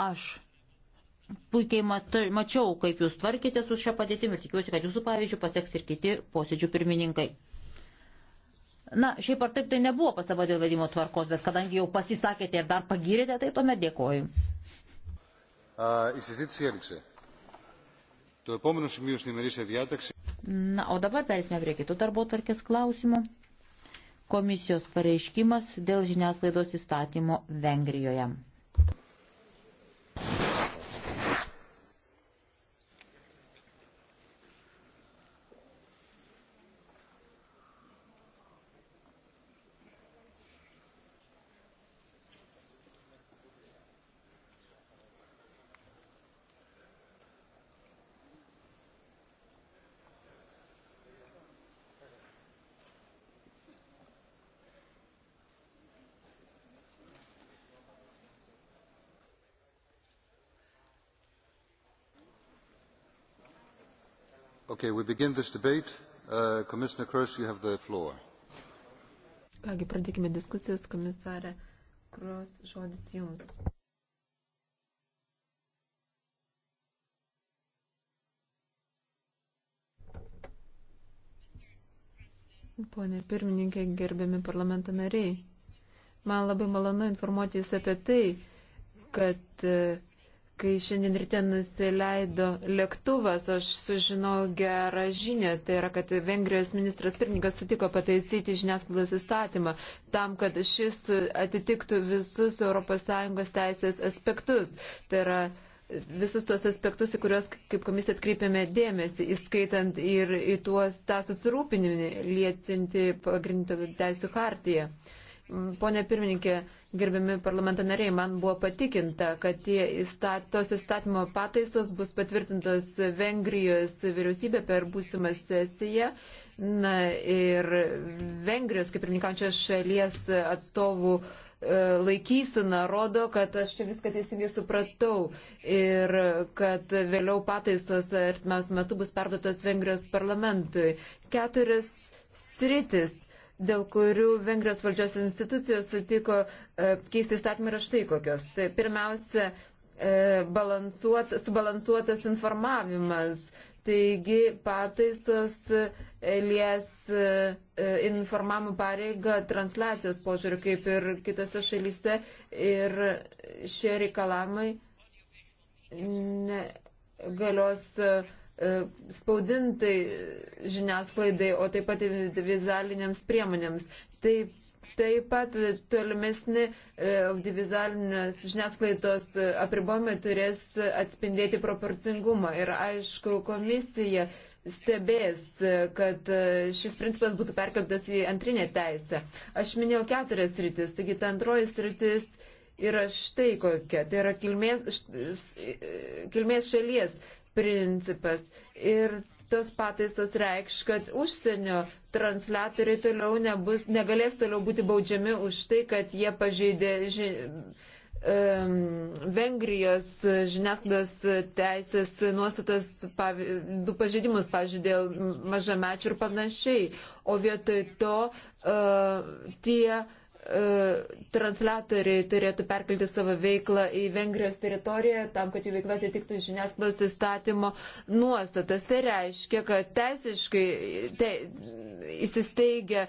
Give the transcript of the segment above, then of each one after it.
Aš puikiai matai, mačiau, kaip jūs tvarkėte su šią padėtimi ir tikiuosi, kad jūsų pavyzdžių paseks ir kiti posėdžių pirmininkai. Na, šiaip ar taip tai nebuvo pastaba dėl vedimo tvarkos, bet kadangi jau pasisakėte ir dar pagirėte, tai tuomet dėkoju. Na, o dabar persime prie kitų darbo tvarkės klausimų. Komisijos pareiškimas dėl žiniasklaidos įstatymo Vengrijoje. Okay, we begin this debate. Uh, Commissioner Kroes, you have the floor. Kągi, pradėkime diskusijos, komisarė Kroes, žodis jums. Pone pirmininkė, gerbiami parlamento nariai, man labai malonu informuoti Jūs apie tai, kad Kai šiandien ryte nusileido lėktuvas, aš sužinojau gerą žinę, tai yra, kad Vengrijos ministras pirmininkas sutiko pataisyti žiniasklaidos įstatymą tam, kad šis atitiktų visus ES teisės aspektus. Tai yra, visus tuos aspektus, į kuriuos kaip komisija atkreipiame dėmesį, įskaitant ir į tuos tą susirūpinimį lietinti pagrindinio teisų hartiją. Pone pirmininkė, gerbiami parlamento nariai, man buvo patikinta, kad įstat, tos įstatymo pataisos bus patvirtintos Vengrijos vyriausybė per būsimą sesiją. Na ir Vengrijos, kaip ir nikančios šalies atstovų e, laikysena rodo, kad aš čia viską teisingai supratau ir kad vėliau pataisos artimiausiu metu bus perduotos Vengrijos parlamentui. Keturias sritis dėl kurių Vengrijos valdžios institucijos sutiko e, keisti įstatymą yra štai kokios. Tai pirmiausia, e, balansuot, subalansuotas informavimas. Taigi pataisos lies e, informavimo pareigą transliacijos požiūrį, kaip ir kitose šalyse, ir šie reikalavimai galios E, spaudintai žiniasklaidai, o taip pat vizualinėms priemonėms. Taip, taip pat tolimesni e, audiovizualinės žiniasklaidos e, apribojimai turės atspindėti proporcingumą. Ir aišku, komisija stebės, kad šis principas būtų perkeltas į antrinę teisę. Aš minėjau keturias rytis, taigi ta antroji rytis yra štai kokia, tai yra kilmės, kilmės šalies principas. Ir tos pataisos reikš, kad užsienio transliatoriai toliau nebus, negalės toliau būti baudžiami už tai, kad jie pažeidė ži, um, Vengrijos žiniasklaidos teisės nuostatas, pav, du pažeidimus, pavyzdžiui, dėl mažamečių ir panašiai. O vietoj to uh, tie E, transliatoriai turėtų perkelti savo veiklą į Vengrijos teritoriją tam, kad jų veikla atitiktų žiniasklaidos įstatymo nuostatas. Tai reiškia, kad teisiškai te, įsisteigia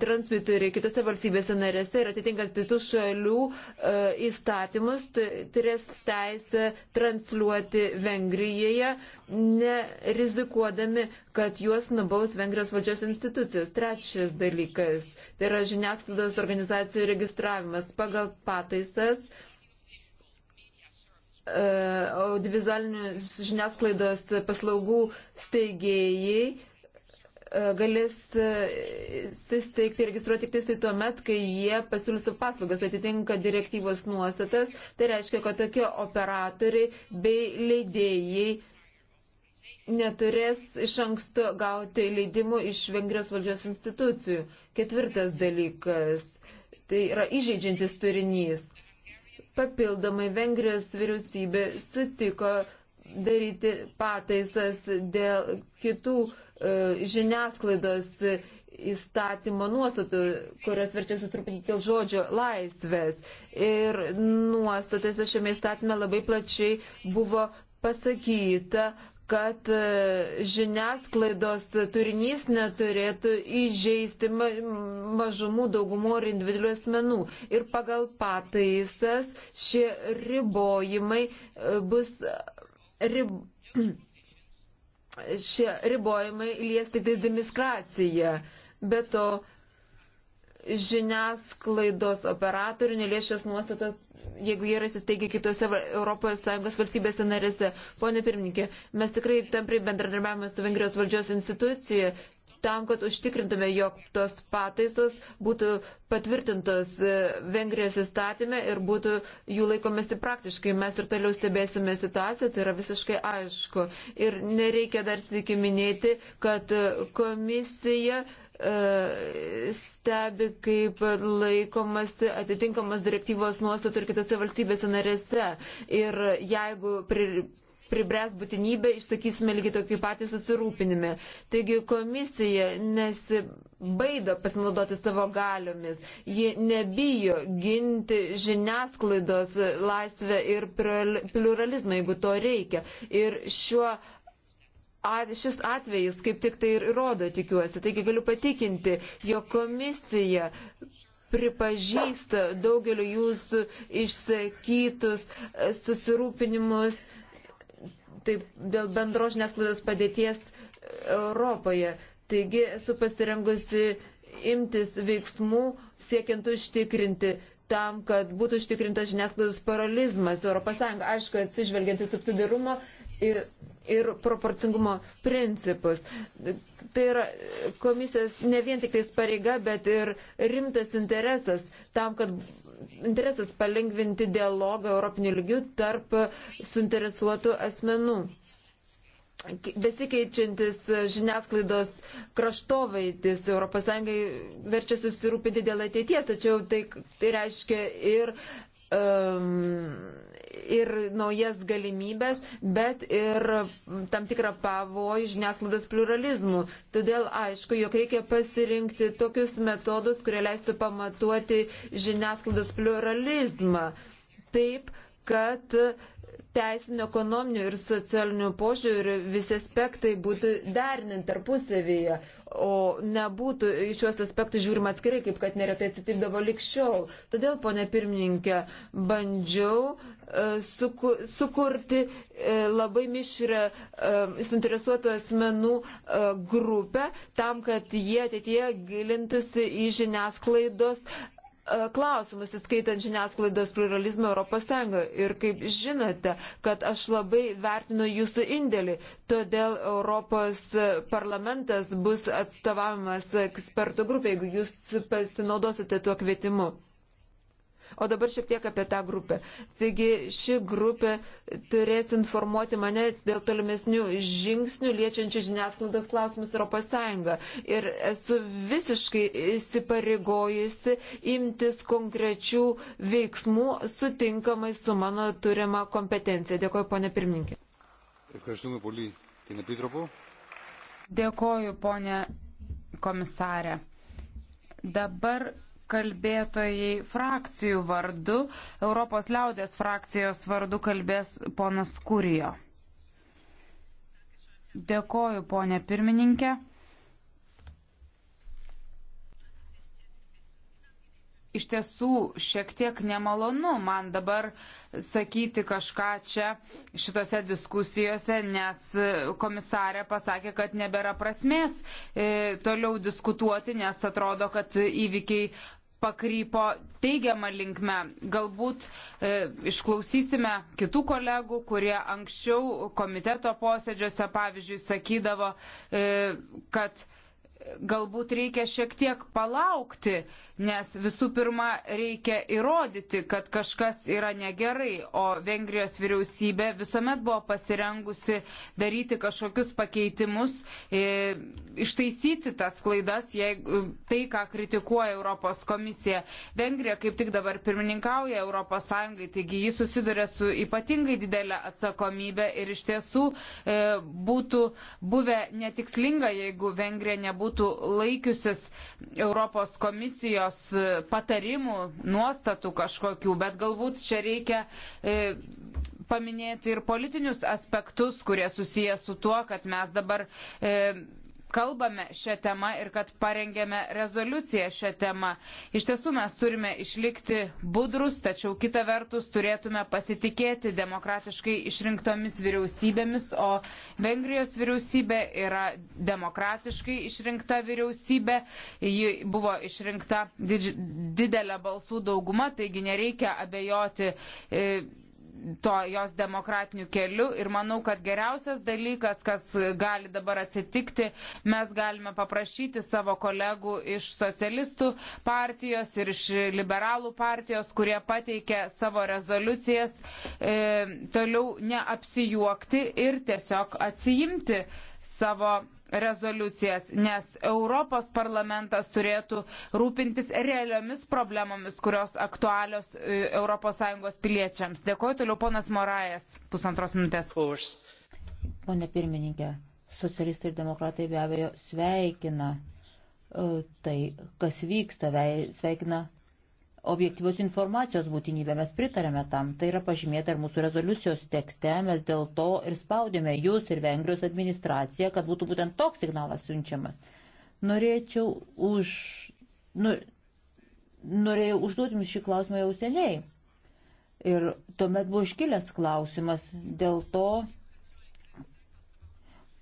transmitoriai kitose valstybėse narėse ir atitinkant kitų šalių e, įstatymus turės teisę transliuoti Vengrijoje, nerizikuodami, kad juos nubaus Vengrijos valdžios institucijos. Trečias dalykas - tai yra žiniasklaidos organizacijų registravimas pagal pataisas e, audiovizualinių žiniasklaidos paslaugų steigėjai E, galės e, įsisteigti, registruoti tik tai tuo met, kai jie pasiūlys paslaugas atitinka direktyvos nuostatas. Tai reiškia, kad tokie operatoriai bei leidėjai neturės iš anksto gauti leidimų iš Vengrijos valdžios institucijų. Ketvirtas dalykas - tai yra įžeidžiantis turinys. Papildomai Vengrijos vyriausybė sutiko daryti pataisas dėl kitų e, žiniasklaidos įstatymo nuostatų, kurios verčiasi truputį dėl žodžio laisvės. Ir nuostatose šiame įstatyme labai plačiai buvo pasakyta, kad e, žiniasklaidos turinys neturėtų įžeisti mažumų, daugumų ar individualių asmenų. Ir pagal pataisas šie ribojimai e, bus rib... šie ribojimai lies tik tais demiskraciją. Be to, žiniasklaidos operatorių nelies šios nuostatos, jeigu jie yra įsisteigę kitose ES valstybėse narėse. Pone pirmininkė, mes tikrai tamprai bendradarbiavame su Vengrijos valdžios institucija tam, kad užtikrintume, jog tos pataisos būtų patvirtintos e, Vengrijos įstatymė ir būtų jų laikomasi praktiškai. Mes ir toliau stebėsime situaciją, tai yra visiškai aišku. Ir nereikia dar sėki minėti, kad e, komisija e, stebi, kaip laikomasi atitinkamos direktyvos nuostatų ir kitose valstybėse narėse. Ir jeigu pri, pribręs būtinybė, išsakysime lygiai tokį patį susirūpinimą. Taigi komisija nesibaido pasinaudoti savo galiomis, ji nebijo ginti žiniasklaidos laisvę ir pluralizmą, jeigu to reikia. Ir šiuo At, šis atvejis kaip tik tai ir rodo, tikiuosi. Taigi galiu patikinti, jo komisija pripažįsta daugeliu jūsų išsakytus susirūpinimus taip, dėl bendros žiniasklaidos padėties e, Europoje. Taigi esu pasirengusi imtis veiksmų siekiant užtikrinti tam, kad būtų užtikrintas žiniasklaidos paralizmas ES. Aišku, atsižvelgiant į subsidirumo ir, ir proporcingumo principus. Tai yra komisijos ne vien tik tais pareiga, bet ir rimtas interesas tam, kad interesas palengvinti dialogą Europinių lygių tarp suinteresuotų asmenų besikeičiantis žiniasklaidos kraštovaitis ES verčia susirūpinti dėl ateities, tačiau tai, tai reiškia ir, um, ir naujas galimybės, bet ir tam tikrą pavojų žiniasklaidos pluralizmų. Todėl aišku, jog reikia pasirinkti tokius metodus, kurie leistų pamatuoti žiniasklaidos pluralizmą. Taip, kad teisinio, ekonominio ir socialinio požiūrių visi aspektai būtų derinti tarpusavyje o nebūtų į šiuos aspektus žiūrima atskirai, kaip kad neretai atsitikdavo likščiau. Todėl, ponė pirmininkė, bandžiau e, suku, sukurti e, labai mišrę e, suinteresuotų asmenų grupę tam, kad jie ateitie gilintųsi į žiniasklaidos E, klausimus, įskaitant žiniasklaidos pluralizmą Europos Sąjungoje. Ir kaip žinote, kad aš labai vertinu jūsų indėlį, todėl Europos parlamentas bus atstovavimas ekspertų grupė, jeigu jūs pasinaudosite tuo kvietimu. O dabar šiek tiek apie tą grupę. Taigi ši grupė turės informuoti mane dėl tolimesnių žingsnių liečiančių žiniasklaidos klausimus Europos Sąjungą. Ir esu visiškai įsipareigojusi imtis konkrečių veiksmų sutinkamai su mano turima kompetencija. Dėkuoju, ponė pirmininkė. Dėkuoju, ponė komisarė. Dabar kalbėtojai frakcijų vardu. Europos liaudės frakcijos vardu kalbės ponas Kurijo. Dėkoju, ponė pirmininkė. Iš tiesų, šiek tiek nemalonu man dabar sakyti kažką čia šitose diskusijose, nes komisarė pasakė, kad nebėra prasmės e, toliau diskutuoti, nes atrodo, kad įvykiai pakrypo teigiamą linkmę. Galbūt e, išklausysime kitų kolegų, kurie anksčiau komiteto posėdžiuose, pavyzdžiui, sakydavo, e, kad e, galbūt reikia šiek tiek palaukti, nes visų pirma reikia įrodyti, kad kažkas yra negerai, o Vengrijos vyriausybė visuomet buvo pasirengusi daryti kažkokius pakeitimus, e, ištaisyti tas klaidas, jeigu tai, ką kritikuoja Europos komisija. Vengrija kaip tik dabar pirmininkauja Europos Sąjungai, taigi ji susiduria su ypatingai didelė atsakomybė ir iš tiesų e, būtų buvę netikslinga, jeigu Vengrija nebūtų būtų laikiusis Europos komisijos patarimų, nuostatų kažkokių, bet galbūt čia reikia e, paminėti ir politinius aspektus, kurie susiję su tuo, kad mes dabar e, kalbame šią temą ir kad parengėme rezoliuciją šią temą. Iš tiesų mes turime išlikti budrus, tačiau kita vertus turėtume pasitikėti demokratiškai išrinktomis vyriausybėmis, o Vengrijos vyriausybė yra demokratiškai išrinkta vyriausybė, ji buvo išrinkta didž... didelė balsų dauguma, taigi nereikia abejoti. E, to jos demokratiniu keliu ir manau, kad geriausias dalykas, kas gali dabar atsitikti, mes galime paprašyti savo kolegų iš socialistų partijos ir iš liberalų partijos, kurie pateikė savo rezoliucijas, e, toliau neapsijuokti ir tiesiog atsijimti savo rezoliucijas, nes Europos parlamentas turėtų rūpintis realiomis problemomis, kurios aktualios ES piliečiams. Dėkuoju toliau ponas Morajas, pusantros minutės. Pone pirmininkė, socialistai ir demokratai be abejo sveikina e, tai, kas vyksta, sveikina objektyvios informacijos būtinybę. Mes pritarėme tam, tai yra pažymėta ir mūsų rezoliucijos tekste, mes dėl to ir spaudėme jūs ir Vengrijos administraciją, kad būtų būtent toks signalas siunčiamas. Norėčiau už. Nu, norėjau užduoti jums šį klausimą jau seniai. Ir tuomet buvo iškilęs klausimas dėl to,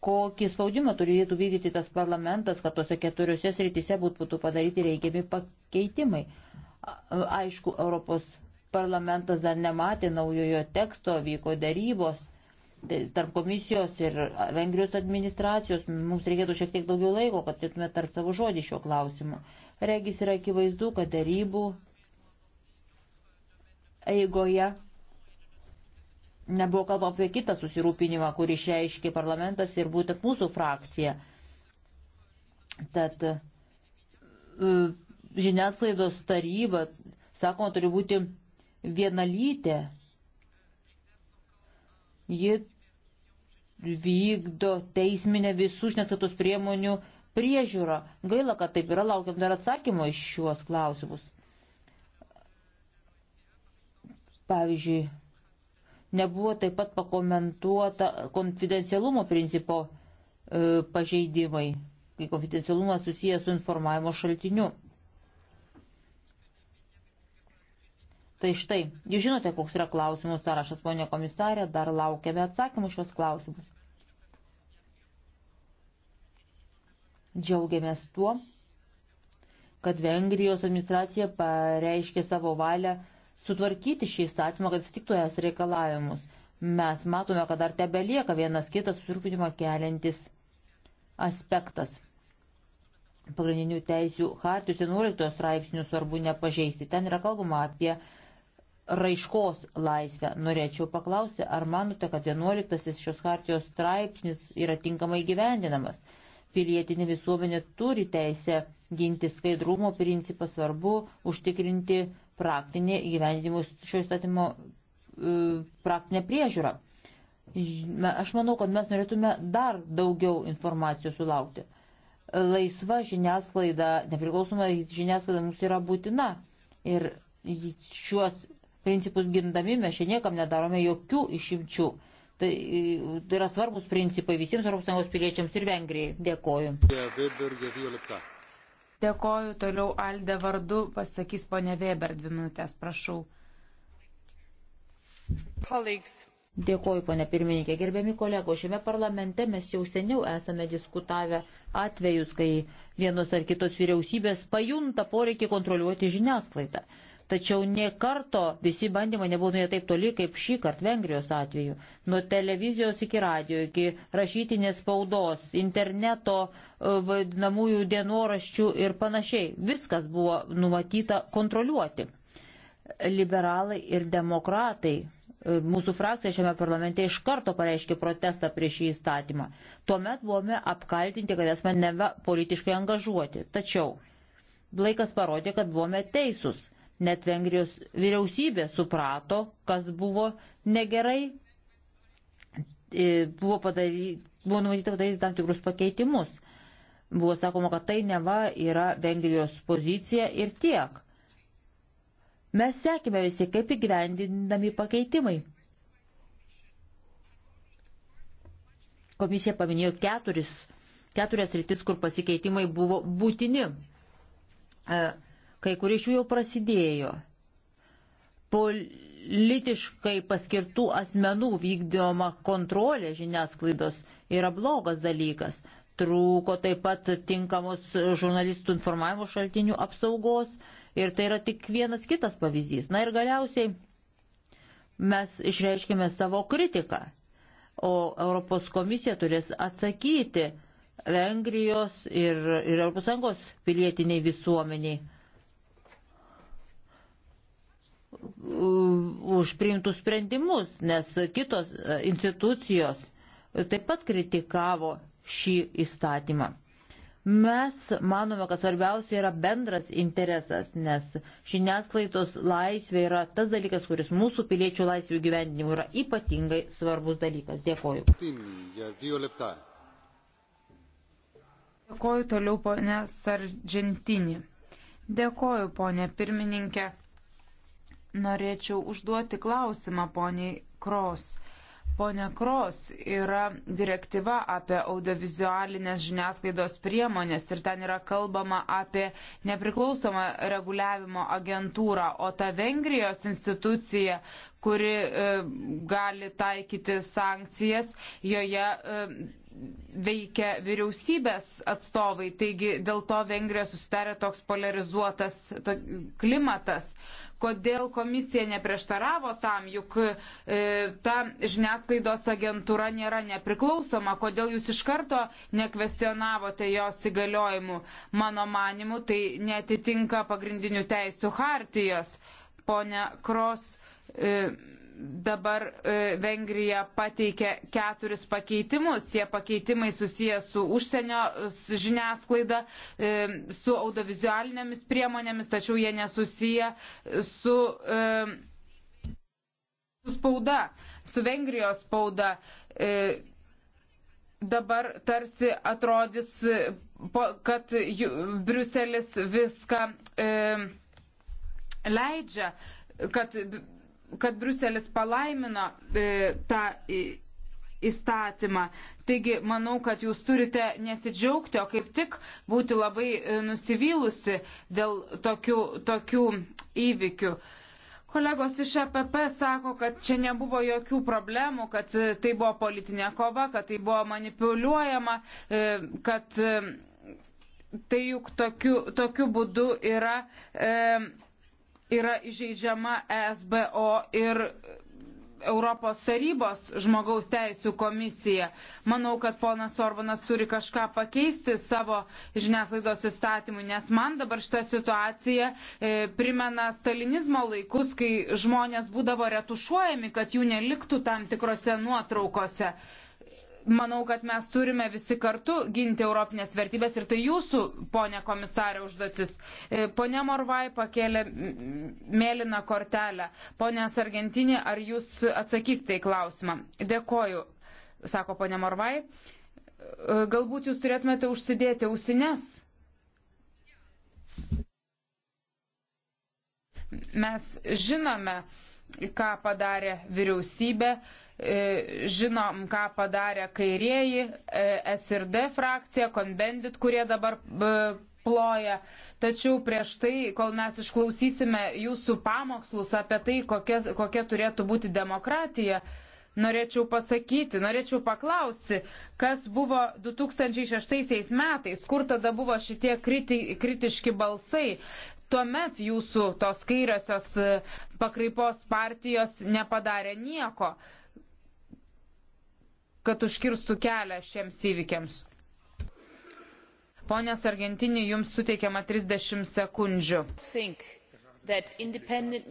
kokį spaudimą turėtų vykdyti tas parlamentas, kad tose keturiose srityse būtų padaryti reikiami pakeitimai. Aišku, Europos parlamentas dar nematė naujojo teksto, vyko darybos tai tarp komisijos ir Vengrijos administracijos. Mums reikėtų šiek tiek daugiau laiko, kad turėtume tarp savo žodį šio klausimu. Regis yra akivaizdu, kad darybų eigoje nebuvo kalba apie kitą susirūpinimą, kurį išreiškė parlamentas ir būtent mūsų frakcija. Tad e, žiniasklaidos taryba, sakoma, turi būti vienalytė. Ji vykdo teisminę visų žiniasklaidos priemonių priežiūrą. Gaila, kad taip yra, laukiam dar atsakymo iš šiuos klausimus. Pavyzdžiui, nebuvo taip pat pakomentuota konfidencialumo principo e, pažeidimai, kai konfidencialumas susijęs su informavimo šaltiniu. Tai štai, jūs žinote, koks yra klausimų sąrašas, ponė komisarė, dar laukiame atsakymų šios klausimus. Džiaugiamės tuo, kad Vengrijos administracija pareiškė savo valią sutvarkyti šį įstatymą, kad stiktų es reikalavimus. Mes matome, kad dar tebe lieka vienas kitas susirūpinimą keliantis aspektas. Pagrindinių teisių hartijos 11 straipsnių svarbu nepažeisti. Ten yra kalbama apie raiškos laisvę. Norėčiau paklausti, ar manote, kad 11 šios hartijos straipsnis yra tinkamai gyvendinamas? Pilietinė visuomenė turi teisę ginti skaidrumo principą, svarbu užtikrinti praktinį įgyvendinimo šio įstatymo e, praktinę priežiūrą. Aš manau, kad mes norėtume dar daugiau informacijos sulaukti. Laisva žiniasklaida, nepriklausoma žiniasklaida mums yra būtina. Ir šiuos principus gindami mes čia niekam nedarome jokių išimčių. Tai, tai yra svarbus principai visiems ES piliečiams ir Vengrijai. Dėkoju. Dėkoju, toliau Alde vardu pasakys ponė Weber dvi minutės, prašau. Colleagues. Dėkoju, ponė pirmininkė. Gerbiami kolego, šiame parlamente mes jau seniau esame diskutavę atvejus, kai vienos ar kitos vyriausybės pajunta poreikį kontroliuoti žiniasklaidą tačiau nie karto visi bandymai nebuvo nuėję taip toli, kaip šį kartą Vengrijos atveju. Nuo televizijos iki radio, iki rašytinės spaudos, interneto e, vadinamųjų dienoraščių ir panašiai. Viskas buvo numatyta kontroliuoti. Liberalai ir demokratai e, mūsų frakcija šiame parlamente iš karto pareiškė protestą prieš šį įstatymą. Tuomet buvome apkaltinti, kad esame neva politiškai angažuoti. Tačiau laikas parodė, kad buvome teisūs. Net Vengrijos vyriausybė suprato, kas buvo negerai, e, buvo, padary, buvo numatyta padaryti tam tikrus pakeitimus. Buvo sakoma, kad tai neva yra Vengrijos pozicija ir tiek. Mes sekime visi, kaip įgyvendinami pakeitimai. Komisija paminėjo keturis, keturias rytis, kur pasikeitimai buvo būtini. E, kai kurie iš jų jau prasidėjo. Politiškai paskirtų asmenų vykdoma kontrolė žiniasklaidos yra blogas dalykas. Trūko taip pat tinkamos žurnalistų informavimo šaltinių apsaugos ir tai yra tik vienas kitas pavyzdys. Na ir galiausiai mes išreiškime savo kritiką, o Europos komisija turės atsakyti Vengrijos ir, ir ES pilietiniai visuomeniai už priimtus sprendimus, nes kitos e, institucijos taip pat kritikavo šį įstatymą. Mes manome, kad svarbiausia yra bendras interesas, nes žiniasklaidos laisvė yra tas dalykas, kuris mūsų piliečių laisvių gyvendinimu yra ypatingai svarbus dalykas. Dėkoju. Dėkoju toliau ponė Sargentinį. Dėkoju ponė pirmininkė norėčiau užduoti klausimą poniai Kros. Pone Kros yra direktyva apie audiovizualinės žiniasklaidos priemonės ir ten yra kalbama apie nepriklausomą reguliavimo agentūrą, o ta Vengrijos institucija, kuri e, gali taikyti sankcijas, joje. E, veikia vyriausybės atstovai, taigi dėl to Vengrijoje susidarė toks polarizuotas to, klimatas kodėl komisija neprieštaravo tam, juk e, ta žiniasklaidos agentūra nėra nepriklausoma, kodėl jūs iš karto nekvestionavote jos įgaliojimų. Mano manimu, tai netitinka pagrindinių teisų hartijos. Pone Kros. E, dabar e, Vengrija pateikė keturis pakeitimus. Tie pakeitimai susiję su užsienio žiniasklaida, e, su audiovizualinėmis priemonėmis, tačiau jie nesusiję su e, spauda, su Vengrijos spauda. Dabar tarsi atrodys, kad Briuselis viską leidžia, kad kad Bruselis palaimino e, tą įstatymą. Taigi, manau, kad jūs turite nesidžiaugti, o kaip tik būti labai e, nusivylusi dėl tokių, tokių įvykių. Kolegos iš EPP sako, kad čia nebuvo jokių problemų, kad e, tai buvo politinė kova, kad tai buvo manipuliuojama, e, kad tai juk tokiu, tokiu būdu yra. E, yra įžeidžiama ESBO ir Europos tarybos žmogaus teisų komisija. Manau, kad ponas Orbanas turi kažką pakeisti savo žiniasklaidos įstatymui, nes man dabar šita situacija e, primena stalinizmo laikus, kai žmonės būdavo retušuojami, kad jų neliktų tam tikrose nuotraukose manau, kad mes turime visi kartu ginti europinės vertybės ir tai jūsų, ponė komisarė, užduotis. E, Pone Morvai pakėlė mėlyną kortelę. Pone Sargentinė, ar jūs atsakysite į klausimą? Dėkoju, sako ponė Morvai. E, galbūt jūs turėtumėte užsidėti ausines. Mes žinome, ką padarė vyriausybė E, žinom, ką padarė kairieji, e, SRD frakcija, konbendit, kurie dabar e, ploja. Tačiau prieš tai, kol mes išklausysime jūsų pamokslus apie tai, kokia, kokia turėtų būti demokratija, norėčiau pasakyti, norėčiau paklausti, kas buvo 2006 metais, kur tada buvo šitie kriti, kritiški balsai. Tuomet jūsų tos kairiosios pakraipos partijos nepadarė nieko kad užkirstų kelią šiems įvykiams. Pone Sargentinį, jums suteikiama 30 sekundžių. Independent...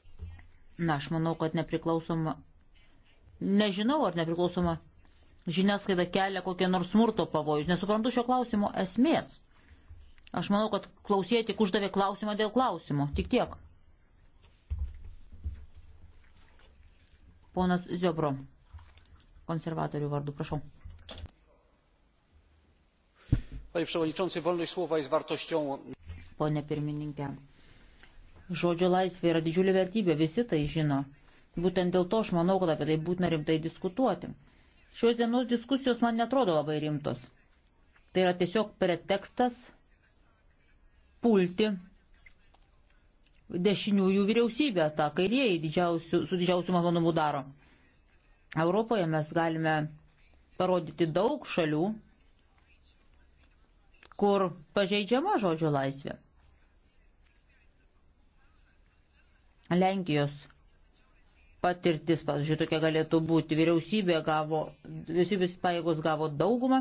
Na, aš manau, kad nepriklausoma. Nežinau, ar nepriklausoma žiniasklaida kelia kokią nors smurto pavojus. Nesuprantu šio klausimo esmės. Aš manau, kad klausėjai tik uždavė klausimą dėl klausimo. Tik tiek. Ponas Ziobro konservatorių vardu. Prašau. Pone pirmininkė, žodžio laisvė yra didžiulė vertybė, visi tai žino. Būtent dėl to aš manau, kad apie tai būtina rimtai diskutuoti. Šios dienos diskusijos man netrodo labai rimtos. Tai yra tiesiog pretekstas pulti dešiniųjų vyriausybę, tą kairieji didžiausių, su didžiausiu malonumu daro. Europoje mes galime parodyti daug šalių, kur pažeidžiama žodžio laisvė. Lenkijos patirtis, pavyzdžiui, tokia galėtų būti. Vyriausybė gavo, vyriausybės paėgos gavo daugumą,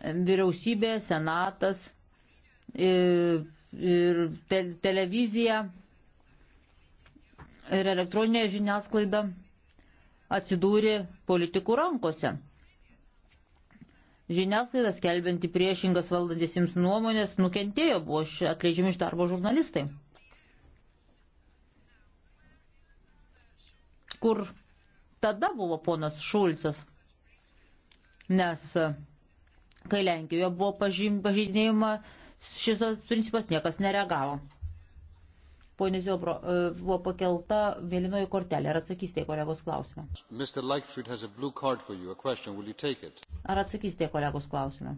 vyriausybė, senatas ir, ir te, televizija ir elektroninė žiniasklaida atsidūrė politikų rankose. Žiniasklaida skelbianti priešingas valdantiesiems nuomonės nukentėjo, buvo atleidžiami iš darbo žurnalistai. Kur tada buvo ponas Šulcas? Nes e, kai Lenkijoje buvo pažydinėjama šis principas, niekas nereagavo. Pone Ziobro, e, buvo pakelta mėlynoji kortelė. Ar atsakysite į kolegos klausimą? Ar atsakysite į kolegos klausimą?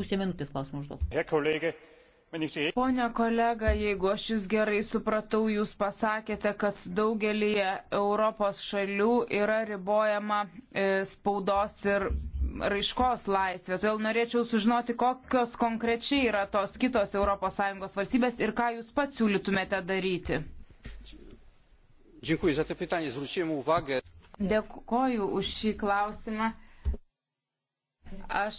Pusė minutės klausimą užduot. Pone kolega, jeigu aš jūs gerai supratau, jūs pasakėte, kad daugelį Europos šalių yra ribojama e, spaudos ir raiškos laisvę. Todėl norėčiau sužinoti, kokios konkrečiai yra tos kitos ES valstybės ir ką jūs pats siūlytumėte daryti. Dziękuję za to pytanie. Zwróciłem uwagę. Dėkoju už šį klausimą. Aš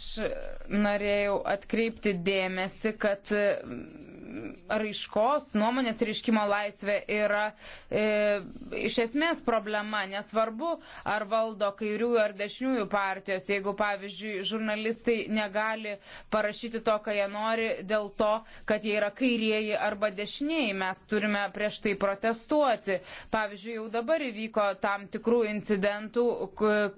norėjau atkreipti dėmesį, kad mm, raiškos, nuomonės reiškimo laisvė yra e, iš esmės problema. Nesvarbu, ar valdo kairiųjų ar dešiniųjų partijos, jeigu, pavyzdžiui, žurnalistai negali parašyti to, ką jie nori, dėl to, kad jie yra kairieji arba dešinieji, mes turime prieš tai protestuoti. Pavyzdžiui, jau dabar įvyko tam tikrų incidentų,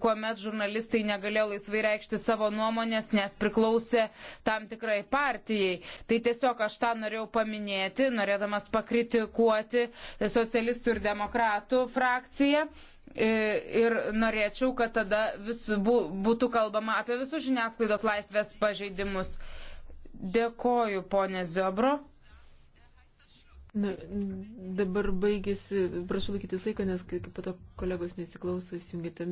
kuomet žurnalistai negalėjo laisvai reikšti savo savo nuomonės, nes priklausė tam tikrai partijai. Tai tiesiog aš tą norėjau paminėti, norėdamas pakritikuoti socialistų ir demokratų frakciją e, ir norėčiau, kad tada vis, bu, būtų kalbama apie visus žiniasklaidos laisvės pažeidimus. Dėkoju, ponė Ziobro. Na, dabar baigėsi, prašau laikytis laiko, nes kaip pato kolegos nesiklauso, įsijungite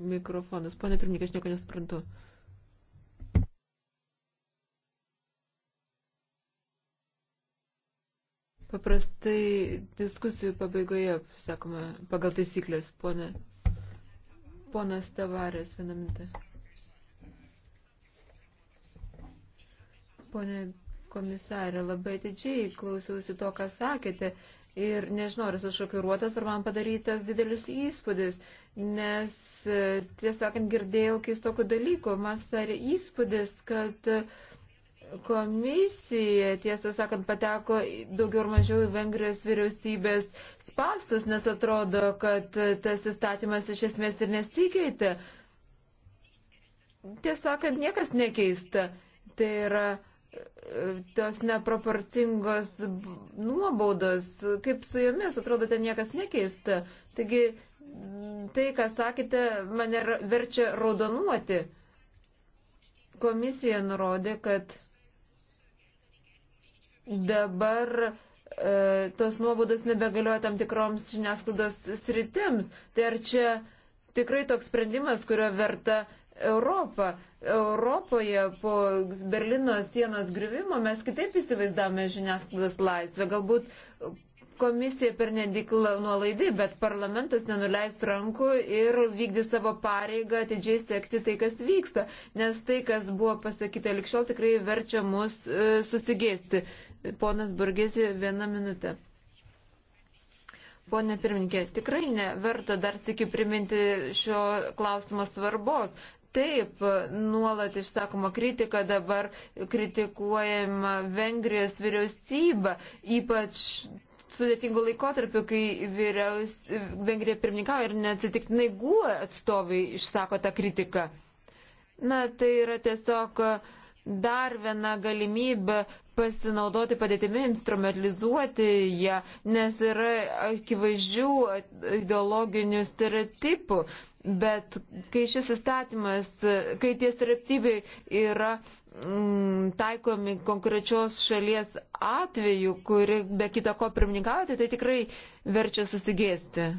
mikrofonus. Pone pirmininkai, aš nieko nesuprantu. Paprastai diskusijų pabaigoje, sakoma, pagal taisyklės, pone, ponas Tavarės, vieną mintę. Pone komisarė, labai atidžiai klausiausi to, ką sakėte ir nežinau, ar esu šokiruotas, ar man padarytas didelis įspūdis, nes tiesąkant girdėjau keistokų dalykų, man sudarė įspūdis, kad uh, Komisija, tiesą sakant, pateko daugiau ar mažiau į Vengrijos vyriausybės spastus, nes atrodo, kad tas įstatymas iš esmės ir nesikeitė. Tiesą sakant, niekas nekeista. Tai yra e, tos neproporcingos nuobaudos, kaip su jomis, atrodo, ten niekas nekeista. Taigi, tai, ką sakėte, mane verčia raudonuoti. Komisija nurodė, kad dabar e, tos nuobodos nebegalioja tam tikroms žiniasklaidos sritims. Tai ar čia tikrai toks sprendimas, kurio verta Europa? Europoje po Berlyno sienos griuvimo mes kitaip įsivaizdavome žiniasklaidos laisvę. Galbūt komisija per nedik nuolaidai, bet parlamentas nenuleis rankų ir vykdys savo pareigą atidžiai sekti tai, kas vyksta, nes tai, kas buvo pasakyta likščiau, tikrai verčia mus e, susigėsti. Ponas Burgesi, vieną minutę. Pone pirmininkė, tikrai neverta dar sėki priminti šio klausimo svarbos. Taip, nuolat išsakoma kritika dabar kritikuojama Vengrijos vyriausybė, ypač sudėtingų laikotarpių, kai vyriaus, Vengrija pirmininkavo ir neatsitiktinai guo atstovai išsako tą kritiką. Na, tai yra tiesiog uh, dar viena galimybė pasinaudoti padėtimi, instrumentalizuoti ją, nes yra akivaizdžių ideologinių stereotipų. Bet kai šis įstatymas, kai tie stereotipai yra mm, taikomi konkrečios šalies atveju, kuri be kita ko pirmininkauti, tai tikrai verčia susigėsti.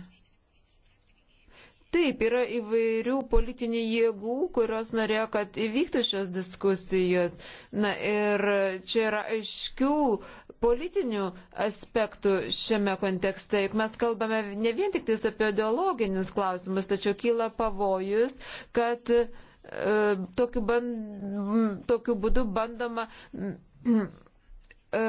Taip, yra įvairių politinių jėgų, kurios norėjo, kad įvyktų šios diskusijos. Na ir čia yra aiškių politinių aspektų šiame kontekste. Juk mes kalbame ne vien tik apie ideologinius klausimus, tačiau kyla pavojus, kad e, tokiu, band, tokiu būdu bandoma. E,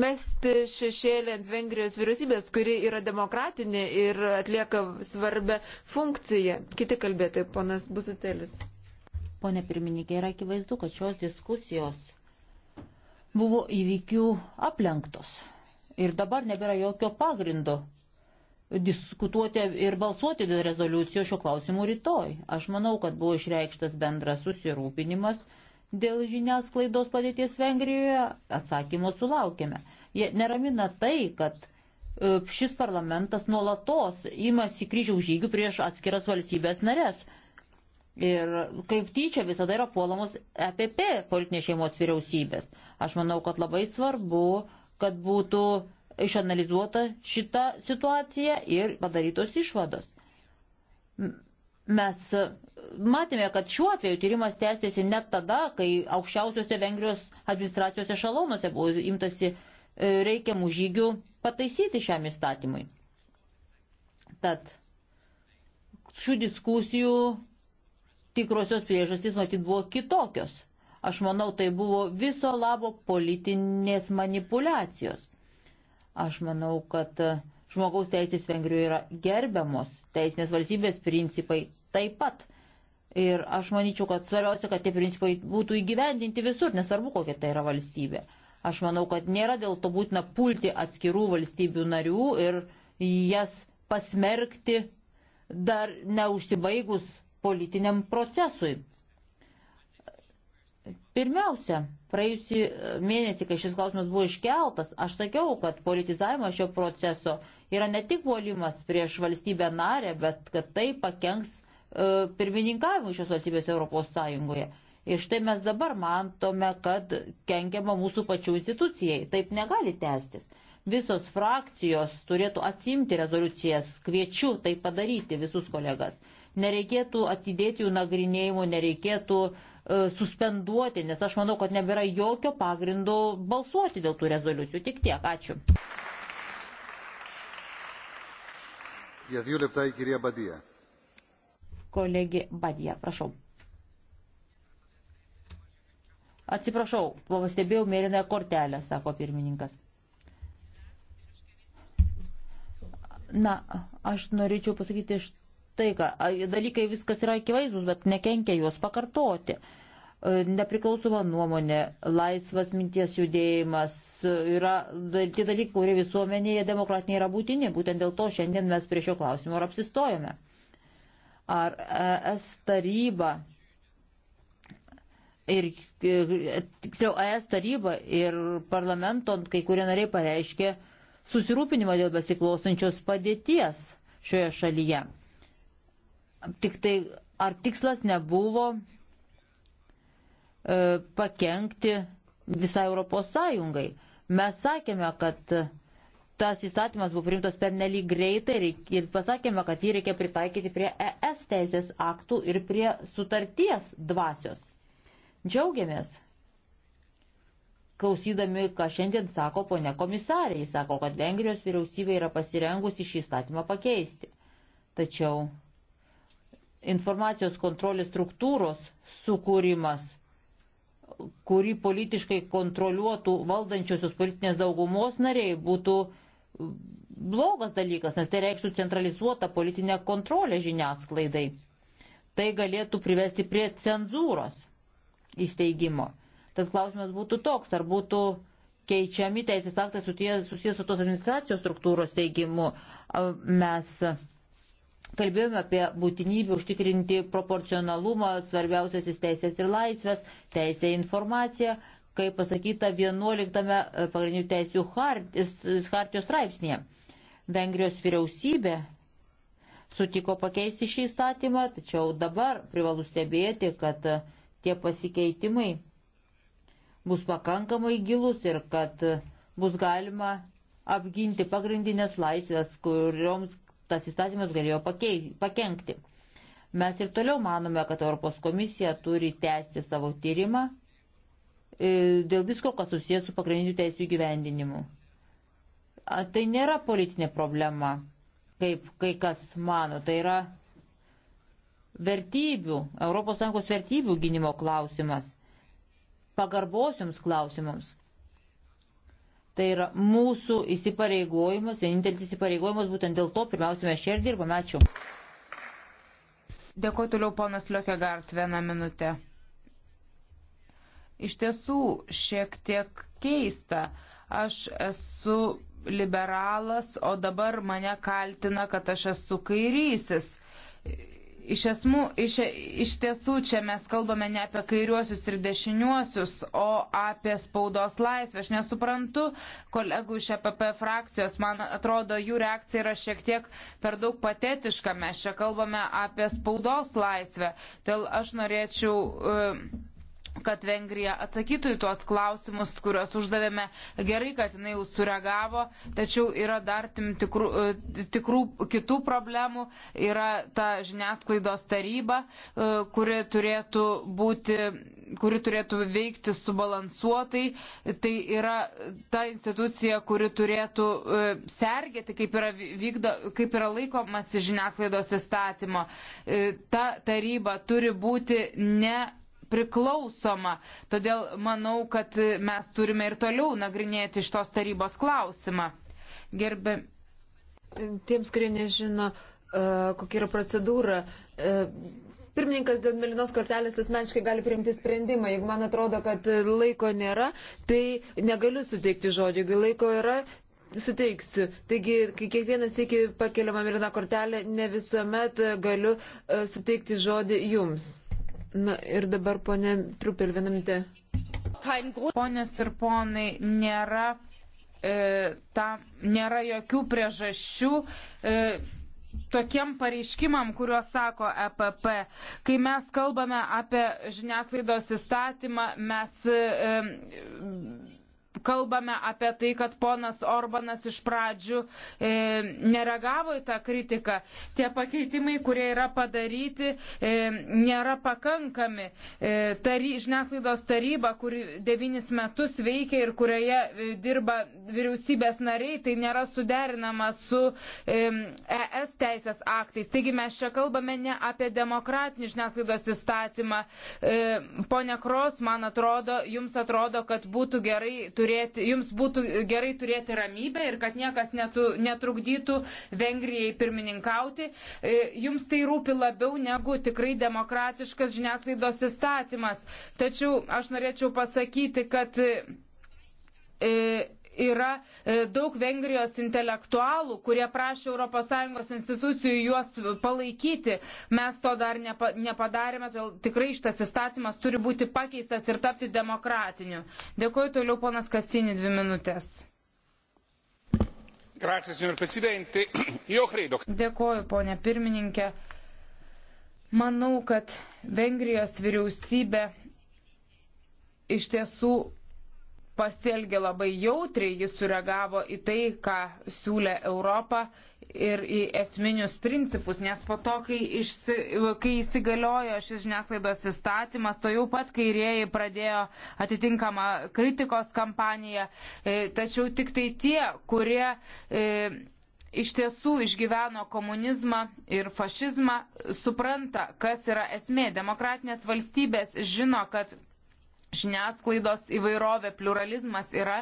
mesti šešėlį ant Vengrijos vyriausybės, kuri yra demokratinė ir atlieka svarbę funkciją. Kiti kalbėtai, ponas Busitelis. Pone pirmininkė, yra akivaizdu, kad šios diskusijos buvo įvykių aplenktos. Ir dabar nebėra jokio pagrindo diskutuoti ir balsuoti dėl rezoliucijos šio klausimu rytoj. Aš manau, kad buvo išreikštas bendras susirūpinimas dėl žiniasklaidos padėties Vengrijoje, atsakymo sulaukėme. Jie neramina tai, kad e, šis parlamentas nuolatos imasi kryžiaus žygių prieš atskiras valstybės narės. Ir kaip tyčia visada yra puolamos EPP politinės šeimos vyriausybės. Aš manau, kad labai svarbu, kad būtų išanalizuota šita situacija ir padarytos išvados. Mes e, matėme, kad šiuo atveju tyrimas tęsėsi net tada, kai aukščiausiuose Vengrijos administracijos ešalonuose buvo imtasi e, reikiamų žygių pataisyti šiam įstatymui. Tad šių diskusijų tikrosios priežastys matyt buvo kitokios. Aš manau, tai buvo viso labo politinės manipulacijos. Aš manau, kad Žmogaus teisės Vengrijoje yra gerbiamos, teisinės valstybės principai taip pat. Ir aš manyčiau, kad svarbiausia, kad tie principai būtų įgyvendinti visur, nesvarbu, kokia tai yra valstybė. Aš manau, kad nėra dėl to būtina pulti atskirų valstybių narių ir jas pasmerkti dar neužsibaigus politiniam procesui. Pirmiausia, praėjusį mėnesį, kai šis klausimas buvo iškeltas, aš sakiau, kad politizavimas šio proceso yra ne tik puolimas prieš valstybę narę, bet kad tai pakenks e, pirmininkavimui šios valstybės Europos Sąjungoje. Ir štai mes dabar matome, kad kenkiama mūsų pačių institucijai. Taip negali tęstis. Visos frakcijos turėtų atsimti rezoliucijas. Kviečiu tai padaryti visus kolegas. Nereikėtų atidėti jų nagrinėjimų, nereikėtų e, suspenduoti, nes aš manau, kad nebėra jokio pagrindo balsuoti dėl tų rezoliucijų. Tik tiek. Ačiū. Kolegė Badija, prašau. Atsiprašau, pastebėjau mėlynąją kortelę, sako pirmininkas. Na, aš norėčiau pasakyti štai ką. Dalykai viskas yra akivaizdus, bet nekenkia juos pakartoti. Uh, nepriklausoma nuomonė, laisvas minties judėjimas yra tie dalykai, kurie visuomenėje demokratinėje yra būtini. Būtent dėl to šiandien mes prie šio klausimo ir apsistojame. Ar ES taryba ir, tiksliau, ES taryba ir parlamento kai kurie nariai pareiškė susirūpinimą dėl besiklostančios padėties šioje šalyje. Tik tai, ar tikslas nebuvo E, pakengti visai Europos Sąjungai. Mes sakėme, kad tas įstatymas buvo priimtas per nelį greitai ir pasakėme, kad jį reikia pritaikyti prie ES teisės aktų ir prie sutarties dvasios. Džiaugiamės, klausydami, ką šiandien sako ponia komisarė. Jis sako, kad Vengrijos vyriausybė yra pasirengusi šį įstatymą pakeisti. Tačiau informacijos kontrolės struktūros sukūrimas kuri politiškai kontroliuotų valdančiosios politinės daugumos nariai, būtų blogas dalykas, nes tai reikštų centralizuotą politinę kontrolę žiniasklaidai. Tai galėtų privesti prie cenzūros įsteigimo. Tas klausimas būtų toks, ar būtų keičiami teisės aktai susijęs su tos administracijos struktūros teigimu. Mes Kalbėjome apie būtinybę užtikrinti proporcionalumą, svarbiausiasis teisės ir laisvės, teisė informacija, kaip pasakyta 11 e, pagrindinių teisų hartijos straipsnėje. Vengrijos vyriausybė sutiko pakeisti šį įstatymą, tačiau dabar privalu stebėti, kad e, tie pasikeitimai bus pakankamai gilus ir kad e, bus galima apginti pagrindinės laisvės, kurioms tas įstatymas galėjo pakei, pakengti. Mes ir toliau manome, kad Europos komisija turi tęsti savo tyrimą e, dėl visko, kas susijęs su pagrindinių teisų gyvendinimu. Tai nėra politinė problema, kaip kai kas mano, tai yra vertybių, ES vertybių gynimo klausimas, pagarbosiams klausimams. Tai yra mūsų įsipareigojimas, vienintelis įsipareigojimas, būtent dėl to pirmiausia mes čia ir dirbame. Ačiū. Dėkuoju toliau ponas Liokegart vieną minutę. Iš tiesų šiek tiek keista. Aš esu liberalas, o dabar mane kaltina, kad aš esu kairysis. Iš, esmų, iš, iš tiesų čia mes kalbame ne apie kairiuosius ir dešiniuosius, o apie spaudos laisvę. Aš nesuprantu kolegų iš EPP frakcijos. Man atrodo, jų reakcija yra šiek tiek per daug patetiška. Mes čia kalbame apie spaudos laisvę. Todėl aš norėčiau. Uh, kad Vengrija atsakytų į tuos klausimus, kuriuos uždavėme. Gerai, kad jinai jau sureagavo, tačiau yra dar tikrų, e, tikrų kitų problemų. Yra ta žiniasklaidos taryba, e, kuri turėtų, būti, kuri turėtų veikti subalansuotai. Tai yra ta institucija, kuri turėtų e, sergėti, kaip yra, vykdo, kaip yra laikomasi žiniasklaidos įstatymo. Ta taryba turi būti ne priklausoma. Todėl manau, kad mes turime ir toliau nagrinėti šitos tarybos klausimą. Gerbė. Tiems, kurie nežino, e, kokia yra procedūra, e, pirmininkas dėl melinos kortelės asmeniškai gali priimti sprendimą. Jeigu man atrodo, kad laiko nėra, tai negaliu suteikti žodžio. Jeigu laiko yra, suteiksiu. Taigi, kai kiekvienas iki pakeliama melina kortelė, ne visuomet galiu e, suteikti žodį jums. Na ir dabar, ponė Trupel, vieną minutę. Ponės ir ponai, nėra, e, ta, nėra jokių priežasčių. E, tokiem pareiškimam, kuriuos sako EPP. Kai mes kalbame apie žiniasklaidos įstatymą, mes e, kalbame apie tai, kad ponas Orbanas iš pradžių e, neregavo į tą kritiką. Tie pakeitimai, kurie yra padaryti, e, nėra pakankami. E, tary, žiniasklaidos taryba, kuri devynis metus veikia ir kurioje e, dirba vyriausybės nariai, tai nėra suderinama su e, ES teisės aktais. Taigi mes čia kalbame ne apie demokratinį žiniasklaidos įstatymą. E, Pone Kros, man atrodo, jums atrodo, kad būtų gerai turėti turėti, jums būtų gerai turėti ramybę ir kad niekas netu, netrukdytų Vengrijai pirmininkauti. E, jums tai rūpi labiau negu tikrai demokratiškas žiniasklaidos įstatymas. Tačiau aš norėčiau pasakyti, kad e, yra e, daug Vengrijos intelektualų, kurie prašė ES institucijų juos palaikyti. Mes to dar nepa, nepadarėme, todėl tikrai šitas įstatymas turi būti pakeistas ir tapti demokratiniu. Dėkuoju toliau ponas Kasinį dvi minutės. Grazie, signor Presidente. Io credo. Dėkuoju, ponė pirmininkė. Manau, kad Vengrijos vyriausybė iš tiesų pasielgė labai jautriai, jis sureagavo į tai, ką siūlė Europą ir į esminius principus, nes po to, kai, išsi, kai įsigaliojo šis žiniasklaidos įstatymas, to jau pat kairieji pradėjo atitinkamą kritikos kampaniją, e, tačiau tik tai tie, kurie e, iš tiesų išgyveno komunizmą ir fašizmą, supranta, kas yra esmė. Demokratinės valstybės žino, kad žiniasklaidos įvairovė, pluralizmas yra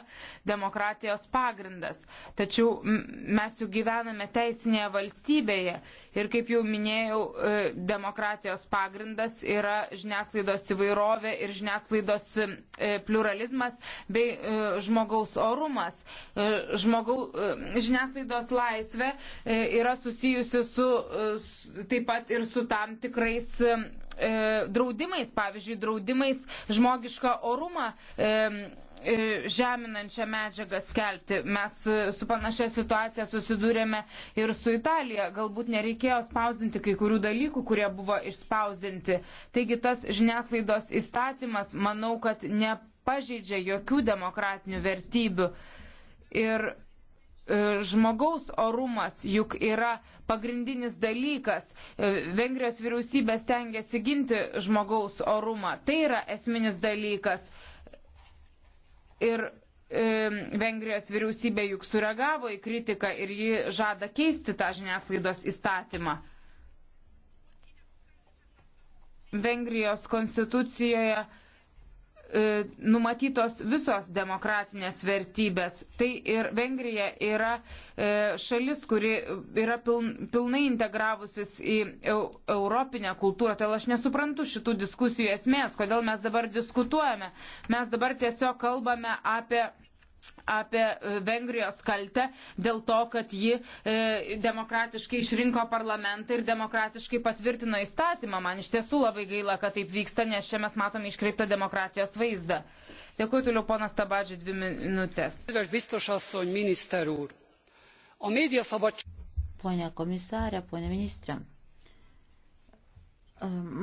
demokratijos pagrindas. Tačiau mes juk gyvename teisinėje valstybėje Ir kaip jau minėjau, e, demokratijos pagrindas yra žiniasklaidos įvairovė ir žiniasklaidos e, pluralizmas bei e, žmogaus orumas. Žmogau, žiniasklaidos laisvė yra susijusi su taip pat ir su tam tikrais draudimais, pavyzdžiui, draudimais žmogišką orumą E, žeminančią medžiagą skelbti. Mes e, su panašia situacija susidūrėme ir su Italija. Galbūt nereikėjo spausdinti kai kurių dalykų, kurie buvo išspausdinti. Taigi tas žiniasklaidos įstatymas, manau, kad nepažeidžia jokių demokratinių vertybių. Ir e, žmogaus orumas juk yra pagrindinis dalykas. Vengrijos vyriausybė stengiasi ginti žmogaus orumą. Tai yra esminis dalykas ir e, Vengrijos vyriausybė juk sureagavo į kritiką ir ji žada keisti tą žiniasklaidos įstatymą. Vengrijos konstitucijoje E, numatytos visos demokratinės vertybės. Tai ir Vengrija yra e, šalis, kuri yra pilnai integravusis į europinę kultūrą. Tai aš nesuprantu šitų diskusijų esmės, kodėl mes dabar diskutuojame. Mes dabar tiesiog kalbame apie apie e, Vengrijos kaltę dėl to, kad ji e, demokratiškai išrinko parlamentą ir demokratiškai patvirtino įstatymą. Man iš tiesų labai gaila, kad taip vyksta, nes čia mes matome iškreiptą demokratijos vaizdą. Dėkuoju toliau, ponas Tabadžiai, dvi minutės. Pone komisarė, pone ministrė.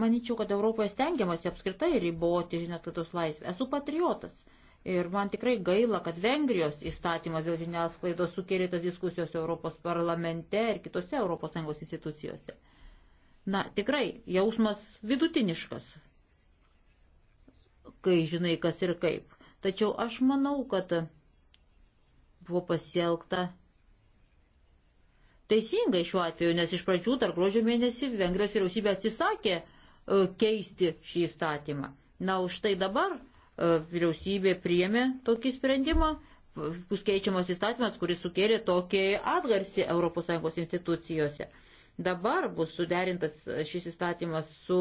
Maničiau, kad Europoje stengiamasi apskritai riboti žiniasklaidos laisvę. Esu patriotas. Ir man tikrai gaila, kad Vengrijos įstatymas dėl žiniasklaidos sukėlė tas diskusijos Europos parlamente ir kitose ES institucijose. Na, tikrai, jausmas vidutiniškas, kai žinai kas ir kaip. Tačiau aš manau, kad buvo pasielgta teisingai šiuo atveju, nes iš pradžių dar gruodžio mėnesį Vengrijos vyriausybė atsisakė e, keisti šį įstatymą. Na, už tai dabar E, vyriausybė priėmė tokį sprendimą, bus keičiamas įstatymas, kuris sukėlė tokį atgarsį ES institucijose. Dabar bus suderintas šis įstatymas su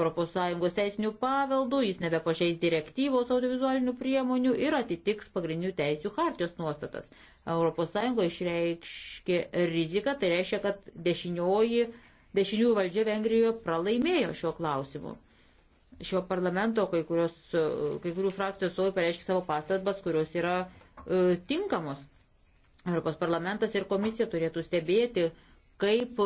ES teisiniu paveldu, jis nebepažeis direktyvos audiovizualinių priemonių ir atitiks pagrindinių teisų hartijos nuostatas. ES išreikškė riziką, tai reiškia, kad dešinioji, dešiniųjų valdžia Vengrijoje pralaimėjo šio klausimu šio parlamento kai, kurios, e, kai kurių frakcijų atstovai pareiškia savo pastabas, kurios yra e, tinkamos. Europos parlamentas ir komisija turėtų stebėti, kaip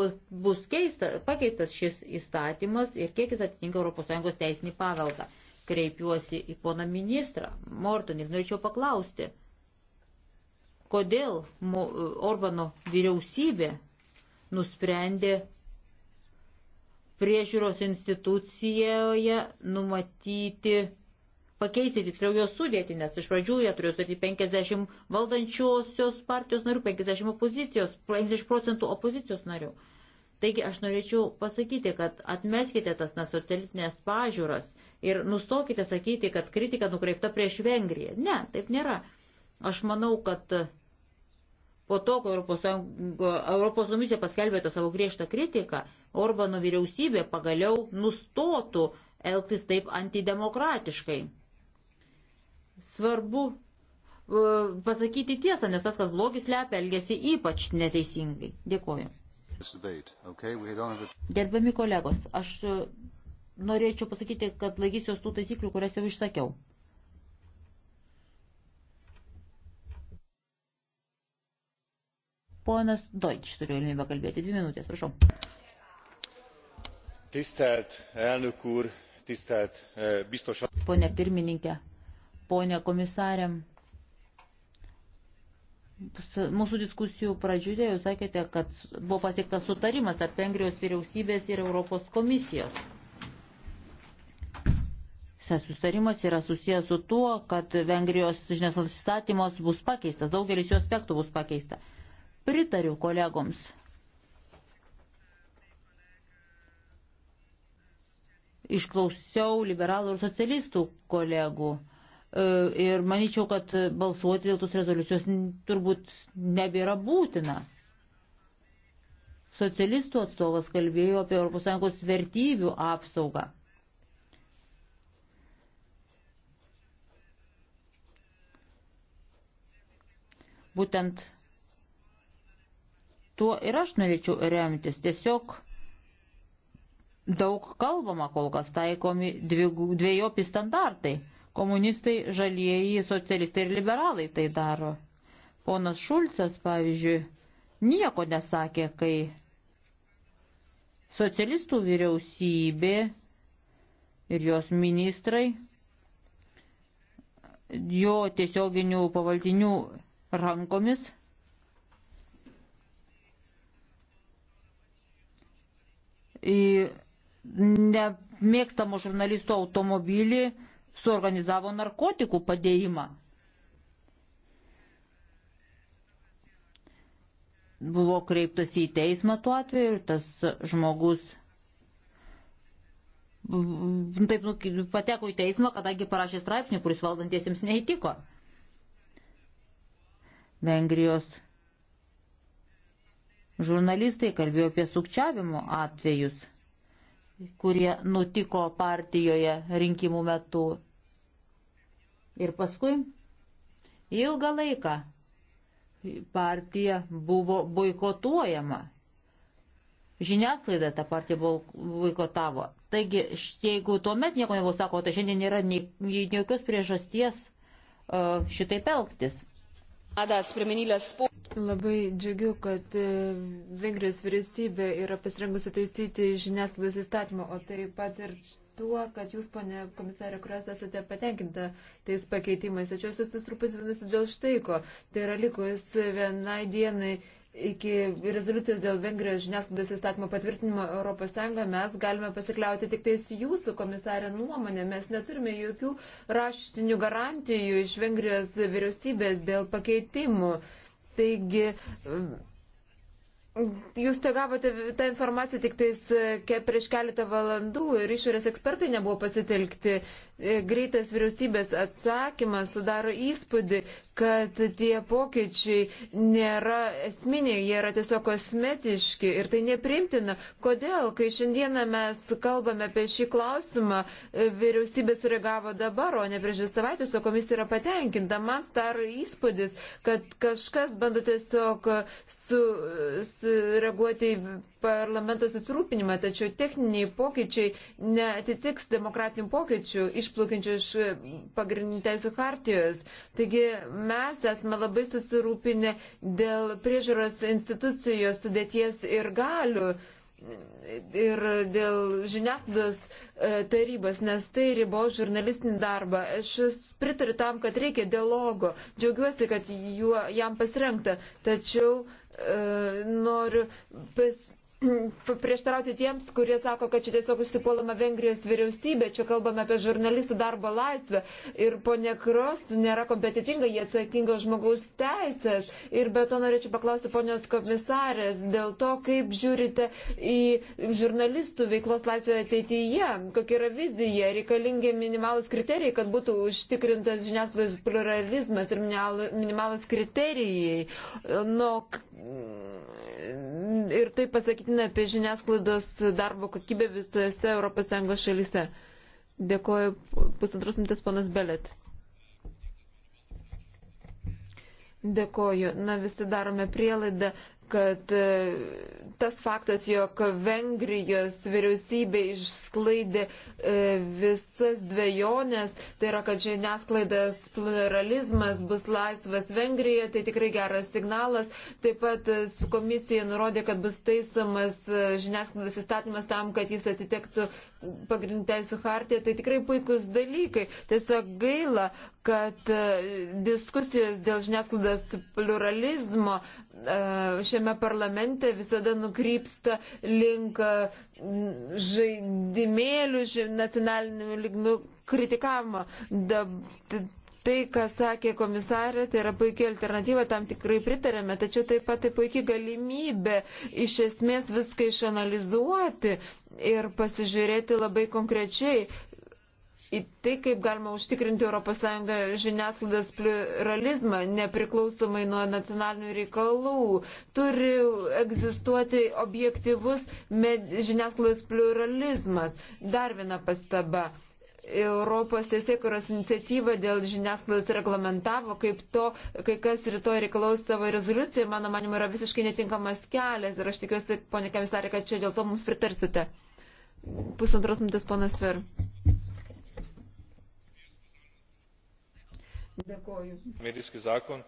bus keista, pakeistas šis įstatymas ir kiek jis atitinka ES teisinį paveldą. Kreipiuosi į poną ministrą Mortonį, norėčiau paklausti, kodėl Orbano vyriausybė nusprendė priežiūros institucijoje numatyti, pakeisti tiksliau jos sudėti, nes iš pradžių jie turėjo stati 50 valdančiosios partijos narių, 50 opozicijos, 50 procentų opozicijos narių. Taigi aš norėčiau pasakyti, kad atmeskite tas nesocialitinės pažiūras ir nustokite sakyti, kad kritika nukreipta prieš Vengriją. Ne, taip nėra. Aš manau, kad po to, kai Europos, Europos komisija paskelbė tą savo griežtą kritiką, Orbano vyriausybė pagaliau nustotų elgtis taip antidemokratiškai. Svarbu e, pasakyti tiesą, nes tas, kas blogis lepia, elgesi ypač neteisingai. Dėkuoju. Gerbiami kolegos, aš e, norėčiau pasakyti, kad laikysiuos tų taisyklių, kurias jau išsakiau. Ponas Deutsch turiu galimybę kalbėti. Dvi minutės, prašau. Tisztelt elnök úr, tisztelt eh, biztos. Pone pirmininkė, pone komisarėm, mūsų diskusijų pradžioje jūs sakėte, kad buvo pasiektas sutarimas tarp Vengrijos vyriausybės ir Europos komisijos. Tas sutarimas yra susijęs su tuo, kad Vengrijos žiniasklaidos įstatymas bus pakeistas, daugelis jo aspektų bus pakeista. Pritariu kolegoms išklausiau liberalų ir socialistų kolegų. E, ir manyčiau, kad balsuoti dėl tos rezoliucijos turbūt nebėra būtina. Socialistų atstovas kalbėjo apie ES vertybių apsaugą. Būtent tuo ir aš norėčiau remtis. Tiesiog daug kalbama kol kas taikomi dviejopi standartai. Komunistai, žalieji, socialistai ir liberalai tai daro. Ponas Šulcas, pavyzdžiui, nieko nesakė, kai socialistų vyriausybė ir jos ministrai jo tiesioginių pavaldinių rankomis į nemėgstamo žurnalisto automobilį suorganizavo narkotikų padėjimą. Buvo kreiptas į teismą tuo atveju ir tas žmogus taip nu, pateko į teismą, kadangi parašė straipsnį, kuris valdantiesiems neįtiko. Vengrijos žurnalistai kalbėjo apie sukčiavimo atvejus kurie nutiko partijoje rinkimų metu. Ir paskui ilgą laiką partija buvo boikotuojama. Žiniasklaida tą partiją boikotavo. Taigi, jeigu tuomet nieko nebuvo sako, tai šiandien nėra nei, nei jokios priežasties uh, šitaip elgtis. Ada spremenilė spaudą. Labai džiugiu, kad e, Vengrijos vyriausybė yra pasirengusi taisyti žiniasklaidos įstatymą, o taip pat ir tuo, kad jūs, ponė komisarė, kurios esate patenkinta tais pakeitimais. Tačiau esu susirūpinusi dėl štai ko. Tai yra likus vienai dienai iki rezoliucijos dėl Vengrijos žiniasklaidos įstatymo patvirtinimo ES mes galime pasikliauti tik tais jūsų komisarė nuomonė. Mes neturime jokių raštinių garantijų iš Vengrijos vyriausybės dėl pakeitimų. Taigi, jūs te gavote tą informaciją tik tais e, prieš keletą valandų ir išorės ekspertai nebuvo pasitelkti. E, greitas vyriausybės atsakymas sudaro įspūdį, kad tie pokyčiai nėra esminiai, jie yra tiesiog kosmetiški ir tai neprimtina. Kodėl, kai šiandieną mes kalbame apie šį klausimą, e, vyriausybės reagavo dabar, o ne prieš dvi savaitės, o komisija yra patenkinta. Man staro įspūdis, kad kažkas bando tiesiog sureaguoti su, į parlamento susirūpinimą, tačiau techniniai pokyčiai neatitiks demokratinių pokyčių. Iš išplaukiančių iš pagrindinių teisų hartijos. Taigi mes esame labai susirūpinę dėl priežiūros institucijos sudėties ir galių. Ir dėl žiniasklaidos e, tarybos, nes tai ribo žurnalistinį darbą. Aš pritariu tam, kad reikia dialogo. Džiaugiuosi, kad juo, jam pasirengta. Tačiau e, noriu pas, prieštarauti tiems, kurie sako, kad čia tiesiog užsipuolama Vengrijos vyriausybė, čia kalbame apie žurnalistų darbo laisvę ir ponė Kros nėra kompetitinga, jie atsakinga žmogaus teisės. Ir be to norėčiau paklausti ponios komisarės dėl to, kaip žiūrite į žurnalistų veiklos laisvę ateityje, kokia yra vizija, reikalingi minimalus kriterijai, kad būtų užtikrintas žiniasklaidos pluralizmas ir minimalus kriterijai. Nu, ir tai pasakytina apie žiniasklaidos darbo kokybę visose ES šalyse. Dėkoju pusantros mintis ponas Belet. Dėkoju. Na, visi darome prielaidą, kad e, tas faktas, jog Vengrijos vyriausybė išsklaidė e, visas dviejonės, tai yra, kad žiniasklaidas pluralizmas bus laisvas Vengrijoje, tai tikrai geras signalas. Taip pat e, komisija nurodė, kad bus taisomas žiniasklaidos įstatymas tam, kad jis atitektų pagrindinę teisų hartiją. Tai tikrai puikus dalykai. Tiesiog gaila, kad e, diskusijos dėl žiniasklaidos pluralizmo e, šiame parlamente visada nukrypsta link e, žaidimėlių nacionalinių lygmių kritikavimo. Tai, ką sakė komisarė, tai yra puikia alternatyva, tam tikrai pritarėme, tačiau taip pat tai puikia galimybė iš esmės viską išanalizuoti ir pasižiūrėti labai konkrečiai, į tai, kaip galima užtikrinti ES žiniasklaidos pluralizmą, nepriklausomai nuo nacionalinių reikalų. Turi egzistuoti objektivus žiniasklaidos pluralizmas. Dar viena pastaba. Europos tiesiekuros iniciatyva dėl žiniasklaidos reglamentavo, kaip to, kai kas rytoj reikalaus savo rezoliuciją, mano manimo, yra visiškai netinkamas kelias ir aš tikiuosi, ponė komisarė, kad čia dėl to mums pritarsite. Pusantros mintis, ponas Ver. Dėkoju.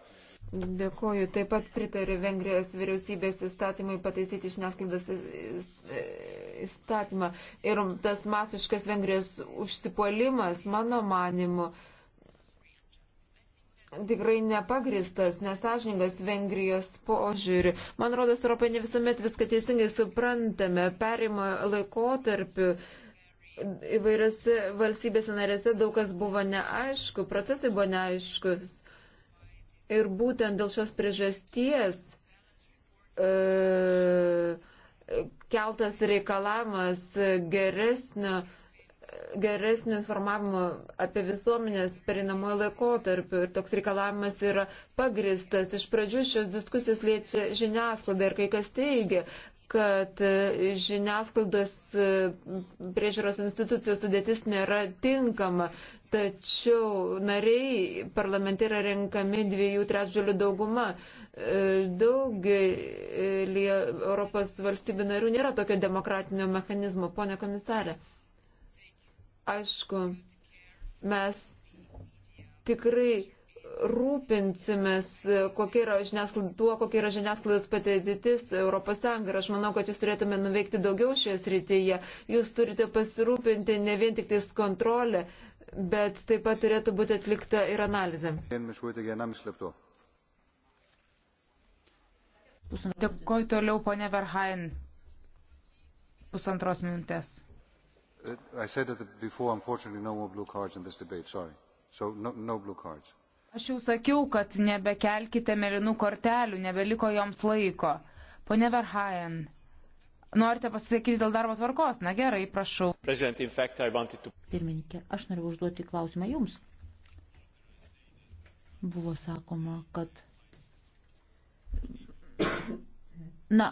Dėkoju. Taip pat pritariu Vengrijos vyriausybės įstatymui pataisyti žiniasklaidos įstatymą. Ir tas masiškas Vengrijos užsipuolimas, mano manimu, tikrai nepagristas, nesažiningas Vengrijos požiūrį. Man rodos, Europoje ne visuomet viską teisingai suprantame. Perimo laikotarpiu įvairiose valstybėse narėse daug kas buvo neaišku, procesai buvo neaiškus. Ir būtent dėl šios priežasties e, keltas reikalavimas geresnio, geresnio informavimo apie visuomenės perinamojo laikotarpiu. Ir toks reikalavimas yra pagristas. Iš pradžių šios diskusijos liečia žiniasklaidą ir kai kas teigia, kad e, žiniasklaidos e, priežiūros institucijos sudėtis nėra tinkama, tačiau nariai parlamente yra renkami dviejų trečdalių dauguma. E, Daugelį Europos valstybių narių nėra tokio demokratinio mechanizmo, ponė komisarė. Aišku, mes tikrai rūpinsimės, kokia yra tuo, kokia yra žiniasklaidos patėditis Europos Sąjunga. Ir aš manau, kad jūs turėtume nuveikti daugiau šioje srityje. Jūs turite pasirūpinti ne vien tik tais kontrolę, bet taip pat turėtų būti atlikta ir analizė. Dėkuoju toliau, ponė Verhain. Pusantros minutės. Uh, I said that before, unfortunately, no more blue cards in this debate, sorry. So, no, no blue cards. Aš jau sakiau, kad nebekelkite mėlynų kortelių, nebeliko joms laiko. Pone Verhaen, norite pasisakyti dėl darbo tvarkos? Na gerai, prašau. Fact, to... Pirmininkė, aš noriu užduoti klausimą jums. Buvo sakoma, kad. Na,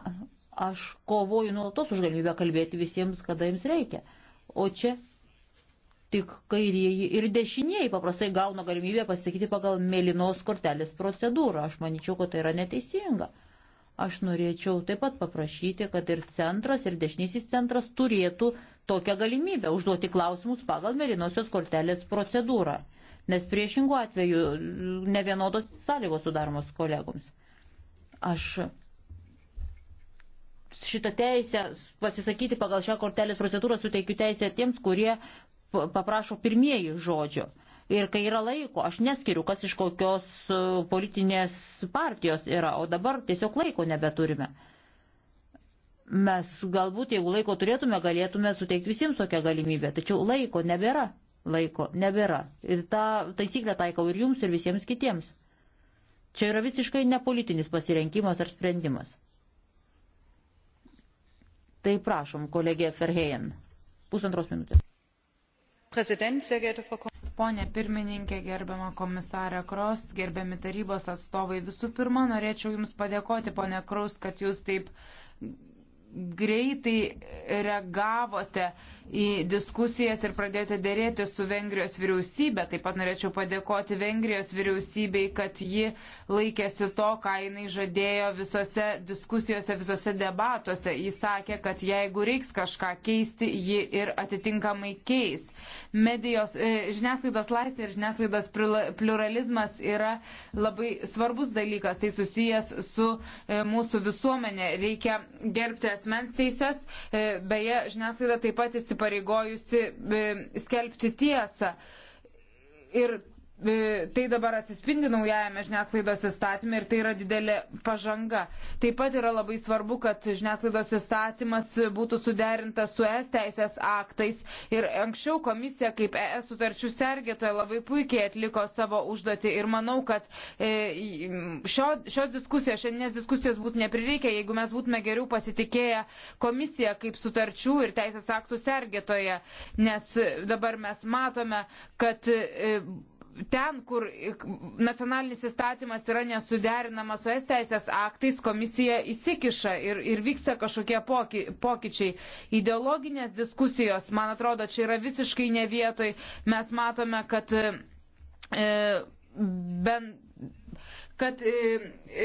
aš kovoju nuolatos už galimybę kalbėti visiems, kada jums reikia. O čia tik kairieji ir dešinieji paprastai gauna galimybę pasakyti pagal mėlynos kortelės procedūrą. Aš manyčiau, kad tai yra neteisinga. Aš norėčiau taip pat paprašyti, kad ir centras, ir dešinysis centras turėtų tokią galimybę užduoti klausimus pagal mėlynosios kortelės procedūrą. Nes priešingų atveju ne vienodos sąlygos sudaromos kolegoms. Aš šitą teisę pasisakyti pagal šią kortelės procedūrą suteikiu teisę tiems, kurie paprašo pirmieji žodžio. Ir kai yra laiko, aš neskiriu, kas iš kokios e, politinės partijos yra, o dabar tiesiog laiko nebeturime. Mes galbūt, jeigu laiko turėtume, galėtume suteikti visiems tokią galimybę, tačiau laiko nebėra. Laiko nebėra. Ir tą taisyklę taikau ir jums, ir visiems kitiems. Čia yra visiškai nepolitinis pasirinkimas ar sprendimas. Tai prašom, kolegė Ferhejen. Pusantros minutės. Pone pirmininkė, gerbiama komisarė Kros, gerbiami tarybos atstovai, visų pirma, norėčiau Jums padėkoti, pone Kraus, kad Jūs taip greitai reagavote į diskusijas ir pradėjote dėrėti su Vengrijos vyriausybė. Taip pat norėčiau padėkoti Vengrijos vyriausybei, kad ji laikėsi to, ką jinai žadėjo visose diskusijose, visose debatuose. Jis sakė, kad jeigu reiks kažką keisti, ji ir atitinkamai keis. Medijos, e, žiniasklaidos laisvė ir žiniasklaidos pluralizmas yra labai svarbus dalykas. Tai susijęs su e, mūsų visuomenė. Reikia gerbti asmens teises. E, beje, žiniasklaida taip pat įsipareigojusi e, skelbti tiesą. Ir E, tai dabar atsispindi naujajame žiniasklaidos įstatymė ir tai yra didelė pažanga. Taip pat yra labai svarbu, kad žiniasklaidos įstatymas būtų suderintas su ES teisės aktais ir anksčiau komisija kaip ES sutarčių sergėtoja labai puikiai atliko savo užduotį ir manau, kad e, šio, šios diskusijos, šiandienės diskusijos būtų neprireikę, jeigu mes būtume geriau pasitikėję komisiją kaip sutarčių ir teisės aktų sergėtoje, nes dabar mes matome, kad e, ten, kur nacionalinis įstatymas yra nesuderinamas su es teisės aktais, komisija įsikiša ir, ir vyksta kažkokie poky, pokyčiai. Ideologinės diskusijos, man atrodo, čia yra visiškai ne vietoj. Mes matome, kad e, ben, kad e,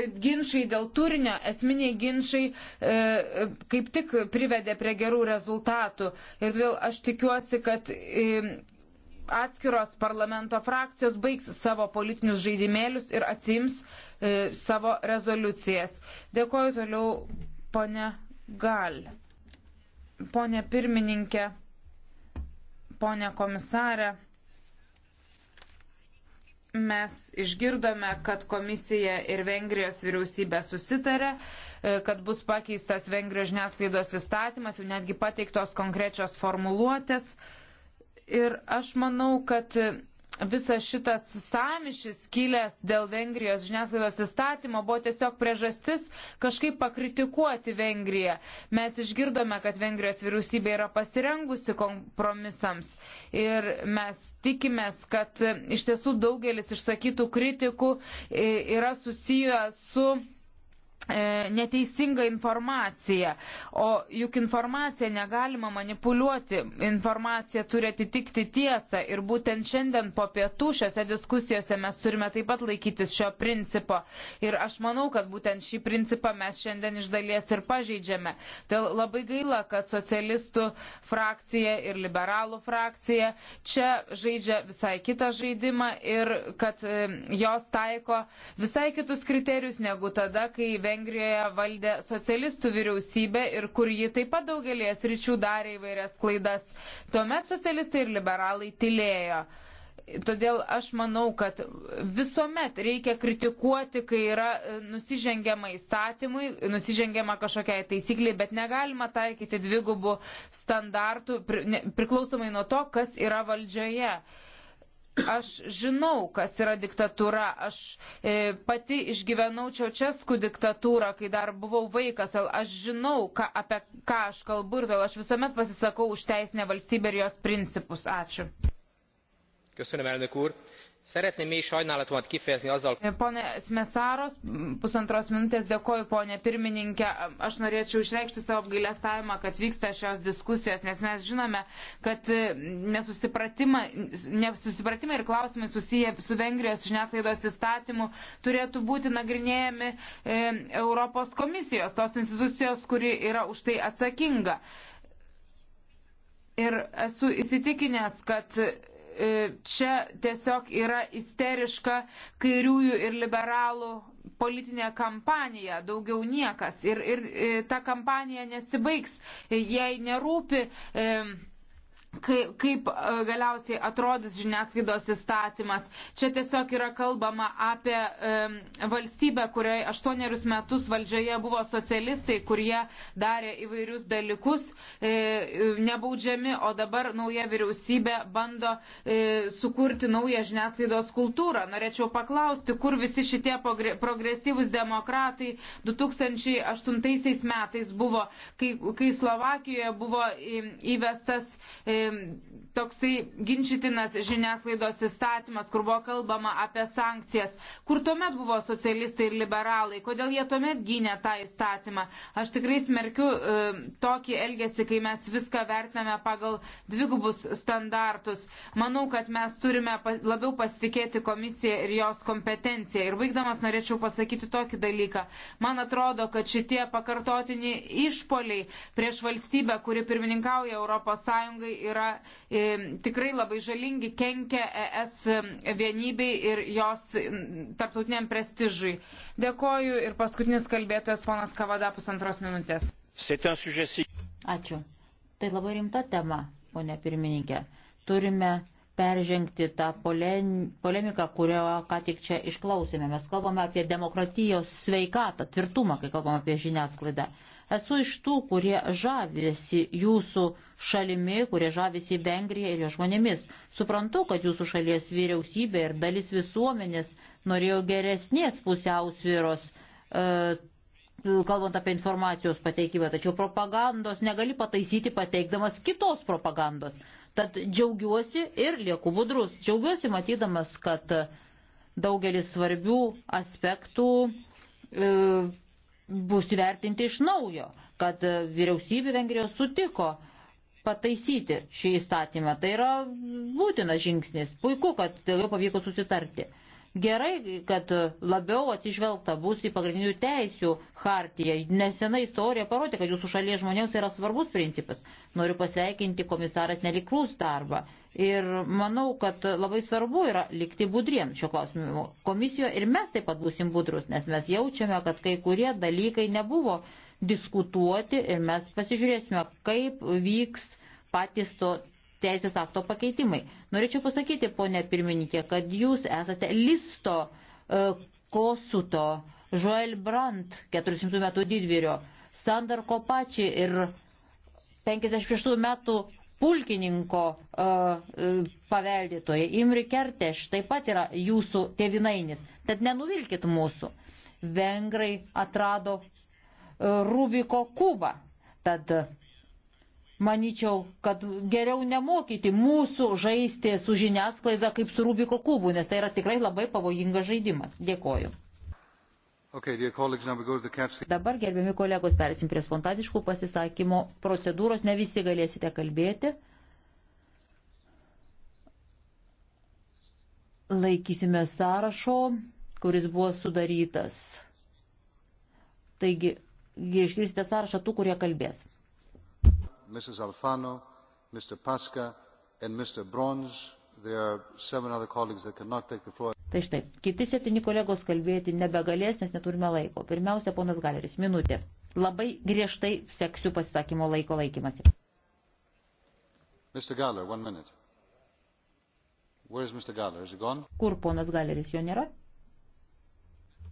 e ginčiai dėl turinio, esminiai ginčiai e, e, kaip tik privedė prie gerų rezultatų. Ir todėl aš tikiuosi, kad e, atskiros parlamento frakcijos baigs savo politinius žaidimėlius ir atsims e, savo rezoliucijas. Dėkoju toliau, ponė Gal. Pone pirmininkė, ponė komisarė, mes išgirdome, kad komisija ir Vengrijos vyriausybė susitarė, e, kad bus pakeistas Vengrijos žiniasklaidos įstatymas, jau netgi pateiktos konkrečios formuluotės. E, Ir aš manau, kad visas šitas samišis kilęs dėl Vengrijos žiniasklaidos įstatymo buvo tiesiog priežastis kažkaip pakritikuoti Vengriją. Mes išgirdome, kad Vengrijos vyriausybė yra pasirengusi kompromisams ir mes tikimės, kad iš tiesų daugelis išsakytų kritikų yra susiję su E, neteisinga informacija, o juk informacija negalima manipuliuoti, informacija turi atitikti tiesą ir būtent šiandien po pietų šiose diskusijose mes turime taip pat laikytis šio principo ir aš manau, kad būtent šį principą mes šiandien iš dalies ir pažeidžiame. Tai labai gaila, kad socialistų frakcija ir liberalų frakcija čia žaidžia visai kitą žaidimą ir kad e, jos taiko visai kitus kriterijus negu tada, kai vengia Vengrijoje valdė socialistų vyriausybė ir kur ji taip pat daugelės ryčių darė įvairias klaidas. Tuomet socialistai ir liberalai tylėjo. Todėl aš manau, kad visuomet reikia kritikuoti, kai yra e, nusižengiama įstatymui, nusižengiama kažkokiai taisykliai, bet negalima taikyti dvigubų standartų priklausomai nuo to, kas yra valdžioje. Aš žinau, kas yra diktatūra. Aš e, pati išgyvenau Čiaučeskų diktatūrą, kai dar buvau vaikas. Aš žinau, ką, apie ką aš kalbu ir todėl aš visuomet pasisakau už teisinę valstybę ir jos principus. Ačiū. Köszönöm, elnök úr. Szeretném mély sajnálatomat kifejezni azzal. E, pone Smesaros, pusantros minutės dėkoju, ponė pirmininkė. Aš norėčiau išreikšti savo apgailestavimą, kad vyksta šios diskusijos, nes mes žinome, kad e, nesusipratimai, nesusipratimai ir klausimai susiję su Vengrijos žiniasklaidos įstatymu turėtų būti nagrinėjami e, Europos komisijos, tos institucijos, kuri yra už tai atsakinga. Ir esu įsitikinęs, kad E, čia tiesiog yra isteriška kairiųjų ir liberalų politinė kampanija, daugiau niekas. Ir, ir e, ta kampanija nesibaigs, e, jei nerūpi. E, kaip, kaip e, galiausiai atrodys žiniasklaidos įstatymas. Čia tiesiog yra kalbama apie e, valstybę, kurioje aštuonerius metus valdžioje buvo socialistai, kurie darė įvairius dalykus, e, nebaudžiami, o dabar nauja vyriausybė bando e, sukurti naują žiniasklaidos kultūrą. Norėčiau paklausti, kur visi šitie progresyvus demokratai 2008 metais buvo, kai, kai Slovakijoje buvo įvestas e, toksai ginčytinas žiniasklaidos įstatymas, kur buvo kalbama apie sankcijas, kur tuomet buvo socialistai ir liberalai, kodėl jie tuomet gynė tą įstatymą. Aš tikrai smerkiu e, tokį elgesį, kai mes viską vertiname pagal dvigubus standartus. Manau, kad mes turime labiau pasitikėti komisiją ir jos kompetenciją. Ir baigdamas norėčiau pasakyti tokį dalyką. Man atrodo, kad šitie pakartotiniai išpoliai prieš valstybę, kuri pirmininkauja Europos Sąjungai yra e, tikrai labai žalingi, kenkia ES vienybei ir jos tarptautiniam prestižui. Dėkoju ir paskutinis kalbėtojas ponas Kavada pusantros minutės. Ačiū. Tai labai rimta tema, ponė pirmininkė. Turime peržengti tą polemiką, kurio ką tik čia išklausėme. Mes kalbame apie demokratijos sveikatą, tvirtumą, kai kalbame apie žiniasklaidą. Esu iš tų, kurie žavisi jūsų šalimi, kurie žavisi Vengrija ir jo žmonėmis. Suprantu, kad jūsų šalies vyriausybė ir dalis visuomenės norėjo geresnės pusiausvyros, e, kalbant apie informacijos pateikimą, tačiau propagandos negali pataisyti pateikdamas kitos propagandos. Tad džiaugiuosi ir lieku budrus. Džiaugiuosi matydamas, kad daugelis svarbių aspektų e, bus įvertinti iš naujo, kad vyriausybė Vengrijos sutiko pataisyti šį įstatymą. Tai yra būtinas žingsnis. Puiku, kad dėl jo pavyko susitarti. Gerai, kad labiau atsižvelgta bus į pagrindinių teisių hartiją. Nesena istorija parodė, kad jūsų šalies žmonėms yra svarbus principas. Noriu pasveikinti komisaras neliklus darbą. Ir manau, kad labai svarbu yra likti budriems šio klausimu komisijoje. Ir mes taip pat busim budrus, nes mes jaučiame, kad kai kurie dalykai nebuvo diskutuoti ir mes pasižiūrėsime, kaip vyks patys to teisės akto pakeitimai. Norėčiau pasakyti, ponė pirmininkė, kad jūs esate listo e, Kosuto, Joel Brandt, 400 metų didvyrio, Sandar Kopači ir 56 metų pulkininko uh, e, e, paveldėtojai. Imri Kerteš taip pat yra jūsų tevinainis. Tad nenuvilkit mūsų. Vengrai atrado uh, Rubiko kubą. Tad uh, Maničiau, kad geriau nemokyti mūsų žaisti su žiniasklaida kaip su Rubiko kubu, nes tai yra tikrai labai pavojingas žaidimas. Dėkoju. Okay, the... Dabar, gerbiami kolegos, persim prie spontaniškų pasisakymo procedūros. Ne visi galėsite kalbėti. Laikysime sąrašo, kuris buvo sudarytas. Taigi, išgirsite sąrašą tų, kurie kalbės. Mrs. Alfano, Mr. Pasca and Mr. Bronze. There are seven other colleagues that cannot take the floor. Tai štai, kiti septyni kolegos kalbėti nebegalės, nes neturime laiko. Pirmiausia, ponas Galeris, minutė. Labai griežtai seksiu pasisakymo laiko laikymasi. Mr. Galler, one minute. Where is Mr. Galler? Is he gone? Kur ponas Galleris jo nėra?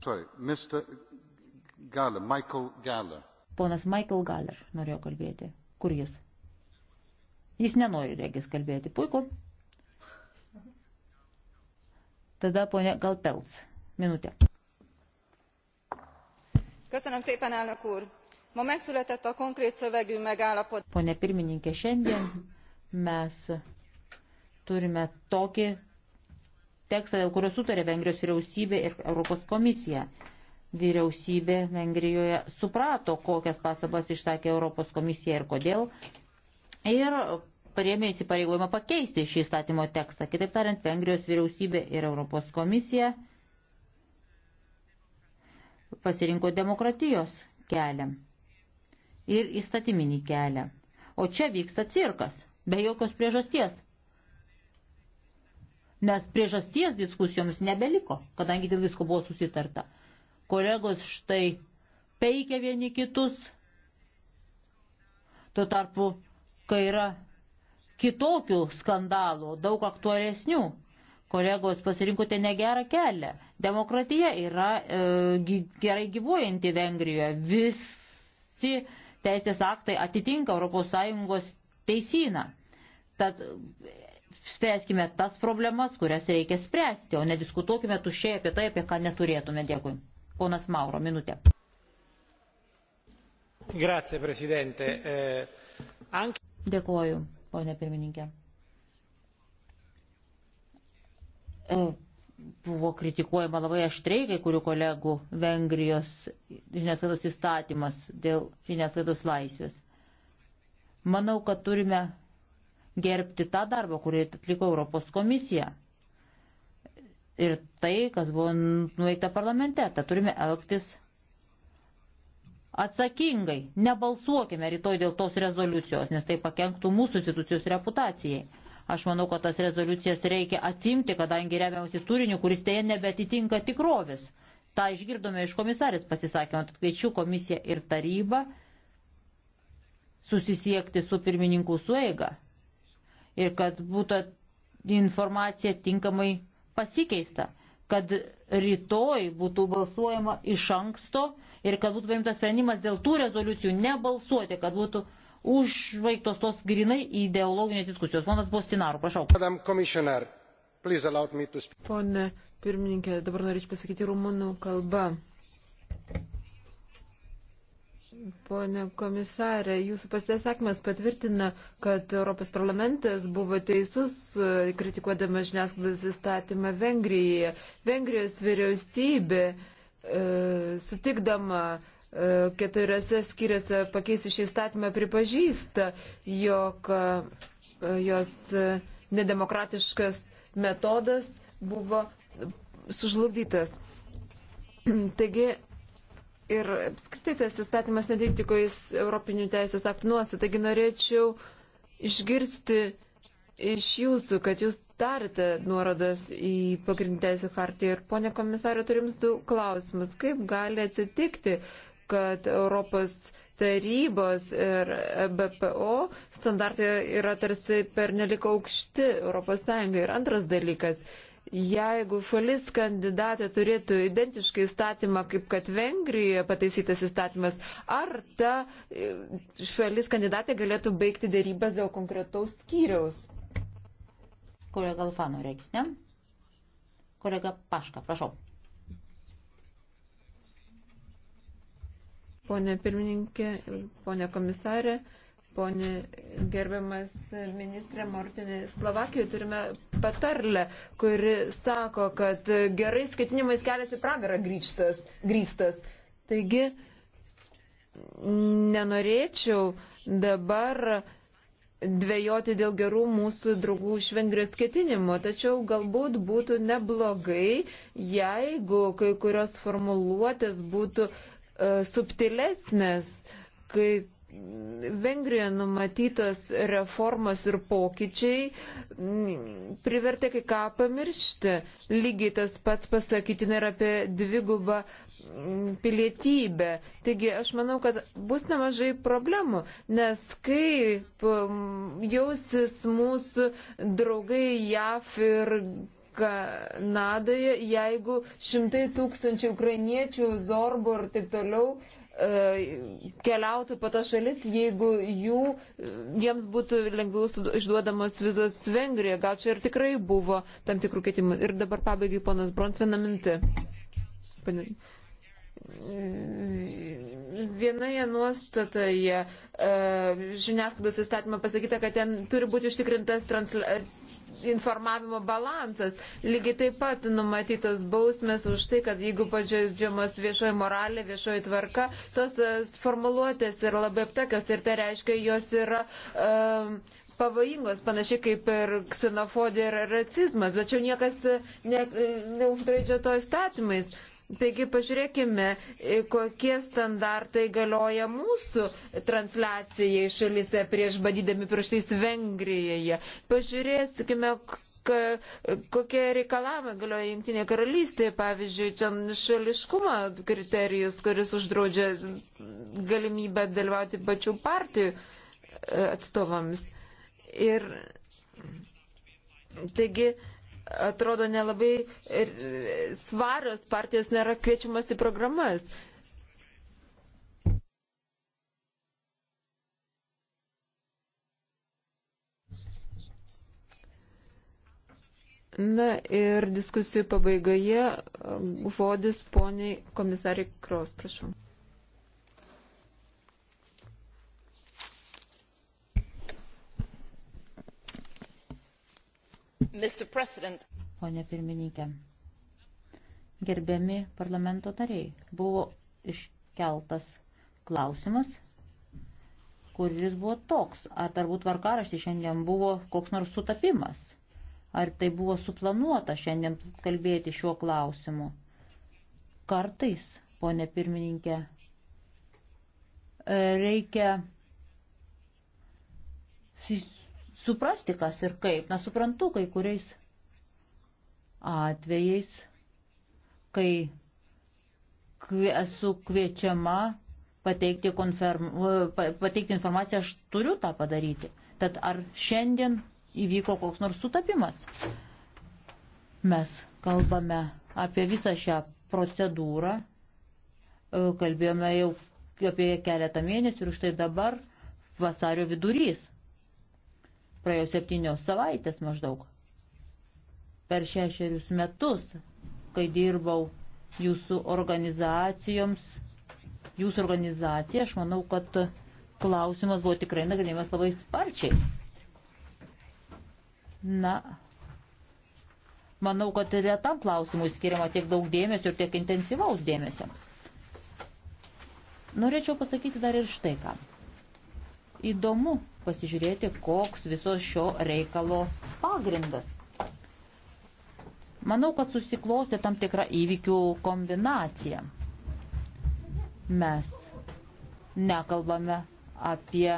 Sorry, Mr. Galler, Michael Galler. Ponas Michael Galler norėjo kalbėti. Kur jis? Jis nenori, regis, kalbėti. Puiku. Tada ponia Galpelts. Minutė. Köszönöm szépen, elnök úr! Ma megszületett a konkrét szövegű megállapodás. Pone pirmininkė, šiandien mes turime tokį tekstą, dėl kurio sutarė Vengrijos vyriausybė ir Europos komisija vyriausybė Vengrijoje suprato, kokias pastabas išsakė Europos komisija ir kodėl. Ir priemė įsipareigojimą pakeisti šį įstatymo tekstą. Kitaip tariant, Vengrijos vyriausybė ir Europos komisija pasirinko demokratijos kelią ir įstatyminį kelią. O čia vyksta cirkas, be jokios priežasties. Nes priežasties diskusijoms nebeliko, kadangi dėl visko buvo susitarta. Kolegos štai peikia vieni kitus. Tuo tarpu, kai yra kitokių skandalų, daug aktualesnių, kolegos pasirinkote negerą kelią. Demokratija yra e, gerai gyvuojanti Vengrijoje. Visi teisės aktai atitinka ES teisyną. Tad spręskime tas problemas, kurias reikia spręsti, o nediskutuokime tušiai apie tai, apie ką neturėtume. Dėkui. Ponas Mauro, minutė. Grazie, prezidente. Eh, anche... Dėkoju, ponė pirmininkė. E, buvo kritikuojama labai aštriai kai kurių kolegų Vengrijos žiniasklaidos įstatymas dėl žiniasklaidos laisvės. Manau, kad turime gerbti tą darbą, kurį atliko Europos komisija ir tai, kas buvo nuveikta parlamente. Tad turime elgtis atsakingai. Nebalsuokime rytoj dėl tos rezoliucijos, nes tai pakenktų mūsų institucijos reputacijai. Aš manau, kad tas rezoliucijas reikia atsimti, kadangi remiamasi turiniu, kuris teje nebetitinka tikrovės. Ta išgirdome iš komisarės pasisakymą, tad kviečiu komisiją ir tarybą susisiekti su pirmininkų sueiga ir kad būtų informacija tinkamai pasikeista, kad rytoj būtų balsuojama iš anksto ir kad būtų paimtas sprendimas dėl tų rezoliucijų nebalsuoti, kad būtų užvaigtos tos grinai ideologinės diskusijos. Ponas Bostinaru, prašau. Pone pirmininkė, dabar norėčiau pasakyti rumunų kalbą. Pone komisarė, jūsų pasisakymas patvirtina, kad Europos parlamentas buvo teisus e, kritikuodama žiniasklaidos įstatymą Vengrijoje. Vengrijos vyriausybė e, sutikdama e, keturiose skiriasi pakeisti šį įstatymą pripažįsta, jog e, jos e, nedemokratiškas metodas buvo sužlugdytas. Taigi Ir apskritai tas įstatymas netiktikų į Europinių teisės aktų nuostatą. Taigi norėčiau išgirsti iš jūsų, kad jūs darėte nuorodas į pagrindinę teisų hartiją. Ir ponė komisarė, turim du klausimus. Kaip gali atsitikti, kad Europos tarybos ir e BPO standartai yra tarsi pernelik aukšti Europos Sąjungai? Ir antras dalykas. Jeigu šalis kandidatė turėtų identišką įstatymą, kaip kad Vengrijoje pataisytas įstatymas, ar ta e, šalis kandidatė galėtų baigti dėrybas dėl konkretaus skyriaus? Kolega Galfano reikis, ne? Kolega Paška, prašau. Pone pirmininkė, pone komisarė, Pone gerbiamas ministrė Mortinė, Slovakijoje turime patarlę, kuri sako, kad gerai skaitinimais kelias į pragarą grįžtas, grįstas. Taigi, nenorėčiau dabar dvėjoti dėl gerų mūsų draugų iš Vengrijos ketinimo, tačiau galbūt būtų neblogai, jeigu kai kurios formuluotės būtų uh, subtilesnės, kai Vengrijoje numatytos reformos ir pokyčiai privertė kai ką pamiršti. Lygiai tas pats pasakytina ir apie dvigubą pilietybę. Taigi aš manau, kad bus nemažai problemų, nes kaip um, jausis mūsų draugai JAF ir Kanadoje, jeigu šimtai tūkstančių ukrainiečių, zorbų ir taip toliau E, keliautų po tą šalis, jeigu jų, jiems būtų lengviau išduodamos vizos Vengrijoje. Gal čia ir tikrai buvo tam tikrų ketimų. Ir dabar pabaigai ponas Brons vieną mintį. Pane. Vienoje nuostatoje e, žiniasklaidos įstatymą pasakyta, kad ten turi būti užtikrintas transliavimas informavimo balansas. Lygiai taip pat numatytos bausmės už tai, kad jeigu pažeidžiamas viešoji moralė, viešoji tvarka, tos e, formuluotės yra labai aptekios ir tai reiškia, jos yra. Um, pavojingos, panašiai kaip ir ksenofobija ir racizmas, tačiau niekas e, ne, neuždraidžia to įstatymais. Taigi pažiūrėkime, e, kokie standartai galioja mūsų transliacijai šalyse prieš badydami pirštais Vengrijoje. Pažiūrėsime, kokie reikalavimai galioja Junktinėje karalystėje, pavyzdžiui, čia šališkumo kriterijus, kuris uždraudžia galimybę dalyvauti pačių partijų e, atstovams. Ir taigi, atrodo nelabai e, svarios partijos nėra kviečiamas į programas. Na ir diskusijų pabaigoje um, žodis poniai komisariai Kros, prašau. Pone pirmininkė, gerbiami parlamento nariai, buvo iškeltas klausimas, kuris buvo toks, ar turbūt varkaraštis šiandien buvo koks nors sutapimas, ar tai buvo suplanuota šiandien kalbėti šiuo klausimu. Kartais, ponė pirmininkė, reikia suprasti, kas ir kaip. Na, suprantu, kai kuriais atvejais, kai esu kviečiama pateikti, konferm, pateikti informaciją, aš turiu tą padaryti. Tad ar šiandien įvyko koks nors sutapimas? Mes kalbame apie visą šią procedūrą, e, kalbėjome jau apie keletą mėnesių ir štai dabar vasario vidurys. Praėjo septynios savaitės maždaug. Per šešerius metus, kai dirbau jūsų organizacijoms, jūsų organizacija, aš manau, kad klausimas buvo tikrai nagrinėjimas labai sparčiai. Na, manau, kad ir tam klausimui skiriama tiek daug dėmesio ir tiek intensyvaus dėmesio. Norėčiau pasakyti dar ir štai ką. Įdomu pasižiūrėti, koks viso šio reikalo pagrindas. Manau, kad susiklosti tam tikrą įvykių kombinaciją. Mes nekalbame apie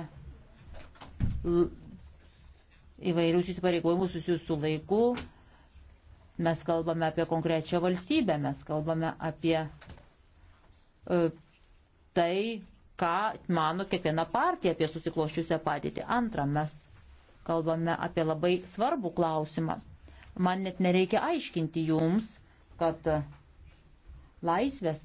įvairius įsipareigojimus susijusius su laiku. Mes kalbame apie konkrečią valstybę, mes kalbame apie e, tai, ką mano kiekviena partija apie susikloščiusią padėtį. Antra, mes kalbame apie labai svarbų klausimą. Man net nereikia aiškinti jums, kad laisvės,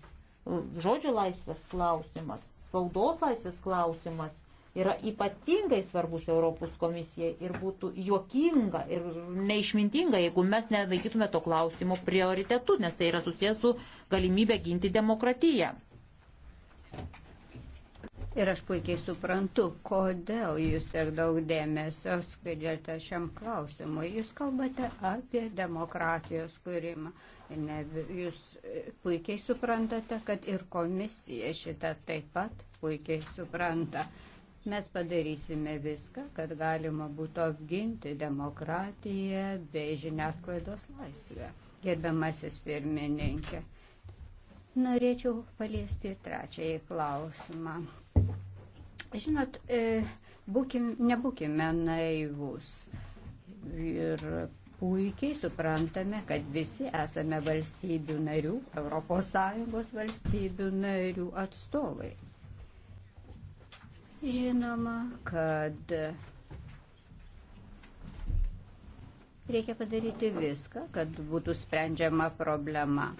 žodžio laisvės klausimas, spaudos laisvės klausimas yra ypatingai svarbus Europos komisijai ir būtų juokinga ir neišmintinga, jeigu mes nelaikytume to klausimo prioritetu, nes tai yra susijęs su galimybė ginti demokratiją. Ir aš puikiai suprantu, kodėl jūs tiek daug dėmesio skiriate šiam klausimui. Jūs kalbate apie demokratijos kūrimą. Ne, jūs puikiai suprantate, kad ir komisija šitą taip pat puikiai supranta. Mes padarysime viską, kad galima būtų apginti demokratiją bei žiniasklaidos laisvę. Gerbiamasis pirmininkė. Norėčiau paliesti trečiąjį klausimą. Žinot, e, būkim, nebūkime naivus. Ir puikiai suprantame, kad visi esame valstybių narių, ES valstybių narių atstovai. Žinoma, kad reikia padaryti viską, kad būtų sprendžiama problema.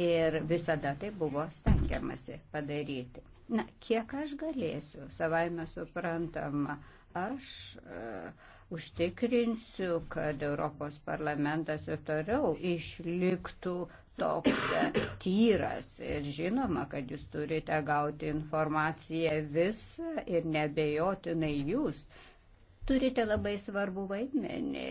Ir visada tai buvo stengiamasi padaryti. Na, kiek aš galėsiu, savaime suprantama, aš uh, užtikrinsiu, kad Europos parlamentas ir toliau išliktų toks e, tyras. Ir žinoma, kad jūs turite gauti informaciją visą ir nebejotinai jūs turite labai svarbų vaidmenį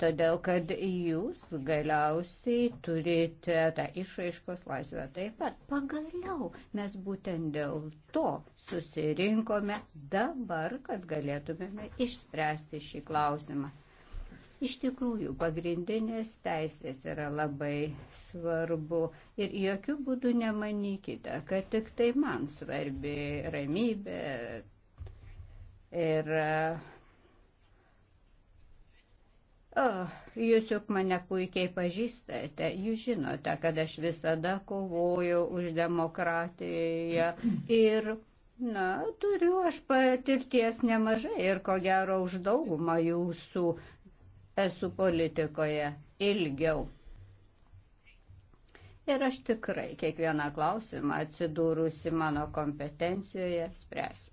todėl kad jūs galiausiai turite tą išraiškos laisvę taip pat. Pagaliau mes būtent dėl to susirinkome dabar, kad galėtumėme išspręsti šį klausimą. Iš tikrųjų, pagrindinės teisės yra labai svarbu ir jokių būdų nemanykite, kad tik tai man svarbi ramybė ir uh, Oh, jūs juk mane puikiai pažįstate, jūs žinote, kad aš visada kovojau už demokratiją ir, na, turiu aš patirties nemažai ir ko gero už daugumą jūsų esu politikoje ilgiau. Ir aš tikrai kiekvieną klausimą atsidūrusi mano kompetencijoje spręsiu.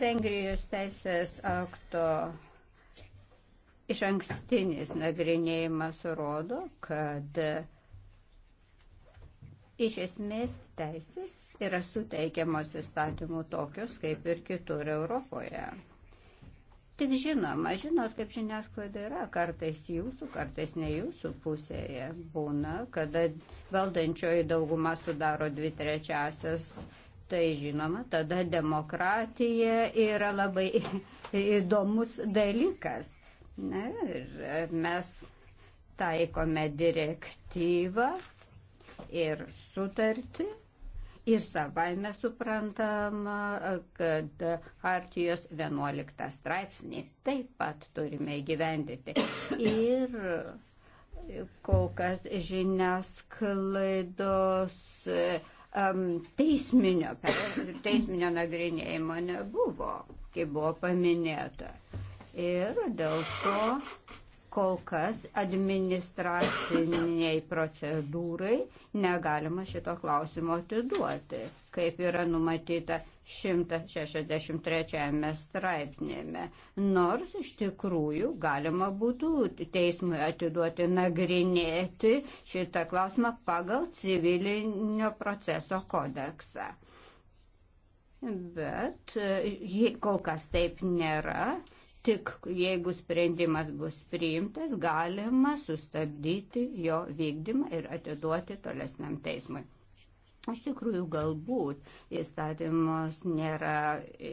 Vengrijos teisės akto iš ankstinis nagrinėjimas rodo, kad iš esmės teisės yra suteikiamos įstatymų tokios kaip ir kitur Europoje. Tik žinoma, žinot, kaip žiniasklaida yra, kartais jūsų, kartais ne jūsų pusėje būna, kada valdančioji dauguma sudaro dvi trečiasias Tai žinoma, tada demokratija yra labai įdomus dalykas. Na, ir mes taikome direktyvą ir sutartį. Ir savaime suprantama, kad Hartijos 11 straipsnį taip pat turime įgyvendyti. Ir kol kas žiniasklaidos um, teisminio, teisminio nagrinėjimo nebuvo, kaip buvo paminėta. Ir dėl to kol kas administraciniai procedūrai negalima šito klausimo atiduoti, kaip yra numatyta 163 straipsnėme. Nors iš tikrųjų galima būtų teismui atiduoti nagrinėti šitą klausimą pagal civilinio proceso kodeksą. Bet e, kol kas taip nėra tik jeigu sprendimas bus priimtas, galima sustabdyti jo vykdymą ir atiduoti tolesniam teismui. Iš tikrųjų, galbūt įstatymas nėra e,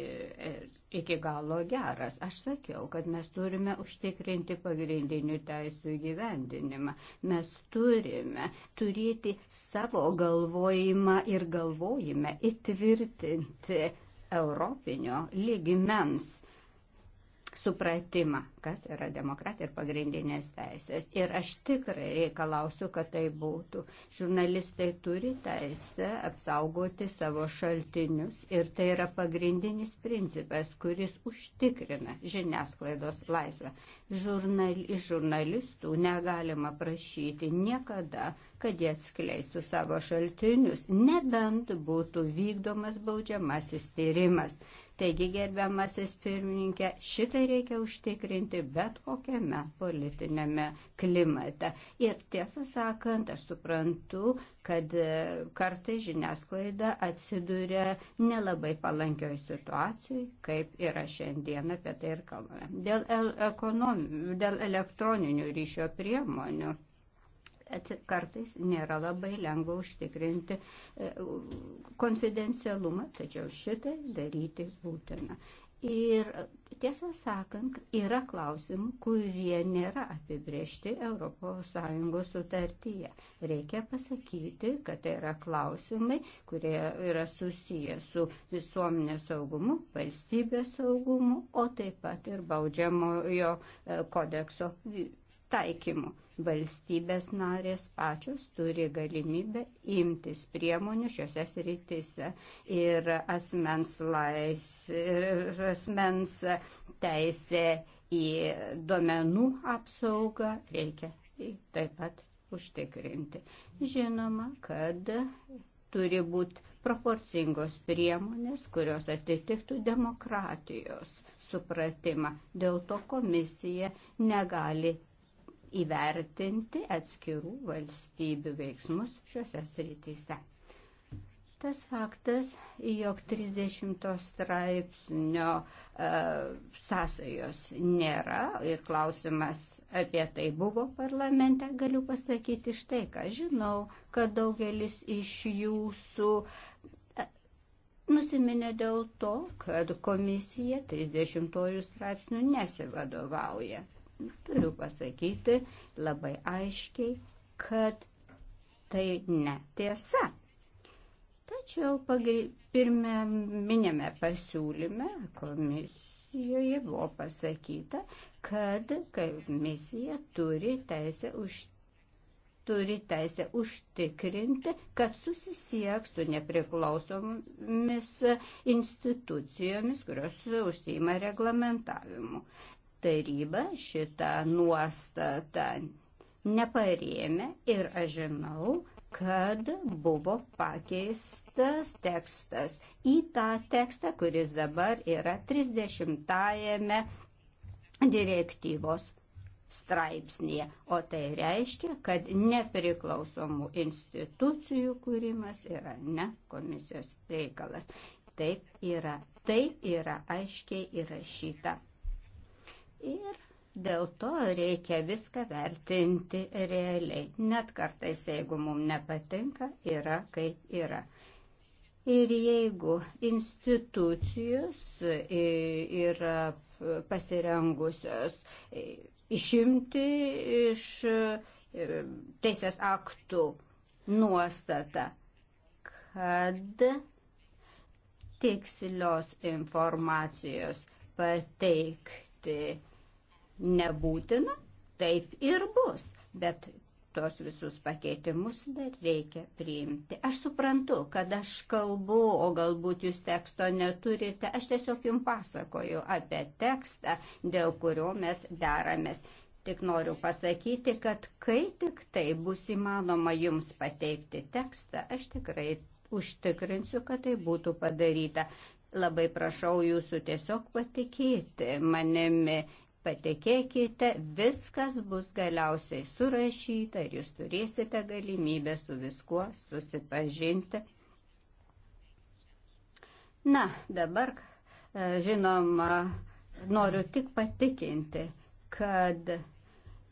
e, iki galo geras. Aš sakiau, kad mes turime užtikrinti pagrindinių teisų įgyvendinimą. Mes turime turėti savo galvojimą ir galvojime įtvirtinti Europinio lygimens uh, supratimą, kas yra demokratija ir pagrindinės teisės. Ir aš tikrai reikalausiu, kad tai būtų. Žurnalistai turi teisę apsaugoti savo šaltinius ir tai yra pagrindinis principas, kuris užtikrina žiniasklaidos laisvę. Žurnal, iš žurnalistų negalima prašyti niekada, kad jie atskleistų savo šaltinius, nebent būtų vykdomas baudžiamasis tyrimas. Taigi, gerbiamasis pirmininkė, šitai reikia užtikrinti bet kokiame politinėme klimate. Ir tiesą sakant, aš suprantu, kad e, kartai žiniasklaida atsiduria nelabai palankioj situacijai, kaip yra šiandien apie tai ir kalbame. Dėl, el ekonom, dėl elektroninių ryšio priemonių kartais nėra labai lengva užtikrinti e, konfidencialumą, tačiau šitai daryti būtina. Ir tiesą sakant, yra klausimų, kurie nėra apibriežti ES sutartyje. Reikia pasakyti, kad tai yra klausimai, kurie yra susiję su visuomenės saugumu, valstybės saugumu, o taip pat ir baudžiamojo e, kodekso taikymu valstybės narės pačios turi galimybę imtis priemonių šiuose sritise ir asmens, lais, ir asmens teisė į duomenų apsaugą reikia taip pat užtikrinti. Žinoma, kad turi būti proporcingos priemonės, kurios atitiktų demokratijos supratimą. Dėl to komisija negali įvertinti atskirų valstybių veiksmus šiuose srityse. Tas faktas, jog 30 straipsnio e, sąsajos nėra ir klausimas apie tai buvo parlamente, galiu pasakyti štai ką. Žinau, kad daugelis iš jūsų e, nusiminė dėl to, kad komisija 30 straipsnių nesivadovauja turiu pasakyti labai aiškiai, kad tai netiesa. Tačiau pirminėme pasiūlyme komisijoje buvo pasakyta, kad komisija turi teisę užtikrinti turi teisę užtikrinti, kad susisieks su nepriklausomomis institucijomis, kurios užsieima reglamentavimu taryba šitą nuostatą neparėmė ir aš žinau, kad buvo pakeistas tekstas į tą tekstą, kuris dabar yra 30-ajame direktyvos straipsnėje. O tai reiškia, kad nepriklausomų institucijų kūrimas yra ne komisijos reikalas. Taip yra, taip yra aiškiai įrašyta Ir dėl to reikia viską vertinti realiai. Net kartais, jeigu mums nepatinka, yra kaip yra. Ir jeigu institucijos e, yra pasirengusios e, išimti iš e, teisės aktų nuostatą, kad tikslios informacijos pateik dirbti nebūtina, taip ir bus, bet tos visus pakeitimus dar reikia priimti. Aš suprantu, kad aš kalbu, o galbūt jūs teksto neturite, aš tiesiog jums pasakoju apie tekstą, dėl kurio mes deramės. Tik noriu pasakyti, kad kai tik tai bus įmanoma jums pateikti tekstą, aš tikrai užtikrinsiu, kad tai būtų padaryta. Labai prašau jūsų tiesiog patikėti manimi, patikėkite, viskas bus galiausiai surašyta ir jūs turėsite galimybę su viskuo susipažinti. Na, dabar, e, žinoma, noriu tik patikinti, kad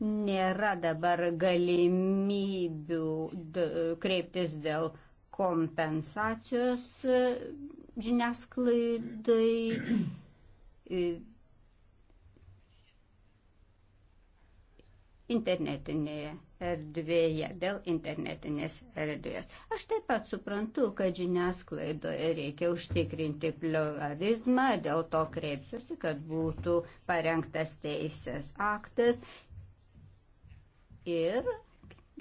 nėra dabar galimybių kreiptis dėl kompensacijos žiniasklaidai, internetinėje erdvėje, dėl internetinės erdvės. Aš taip pat suprantu, kad žiniasklaidoje reikia užtikrinti pluralizmą, dėl to kreipsiuosi, kad būtų parengtas teisės aktas ir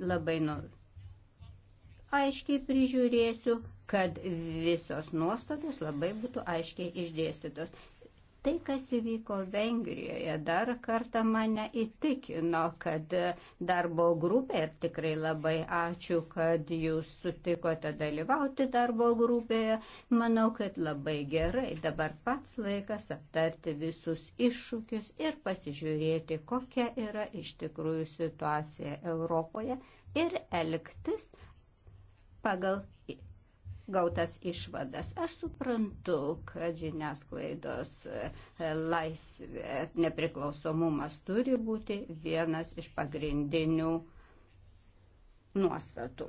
labai nu, aiškiai prižiūrėsiu, kad visos nuostatos labai būtų aiškiai išdėstytos. Tai, kas įvyko Vengrijoje, dar kartą mane įtikino, kad darbo grupė, ir tikrai labai ačiū, kad jūs sutikote dalyvauti darbo grupėje, manau, kad labai gerai. Dabar pats laikas aptarti visus iššūkius ir pasižiūrėti, kokia yra iš tikrųjų situacija Europoje ir elgtis pagal gautas išvadas. Aš suprantu, kad žiniasklaidos e, laisvė, nepriklausomumas turi būti vienas iš pagrindinių nuostatų.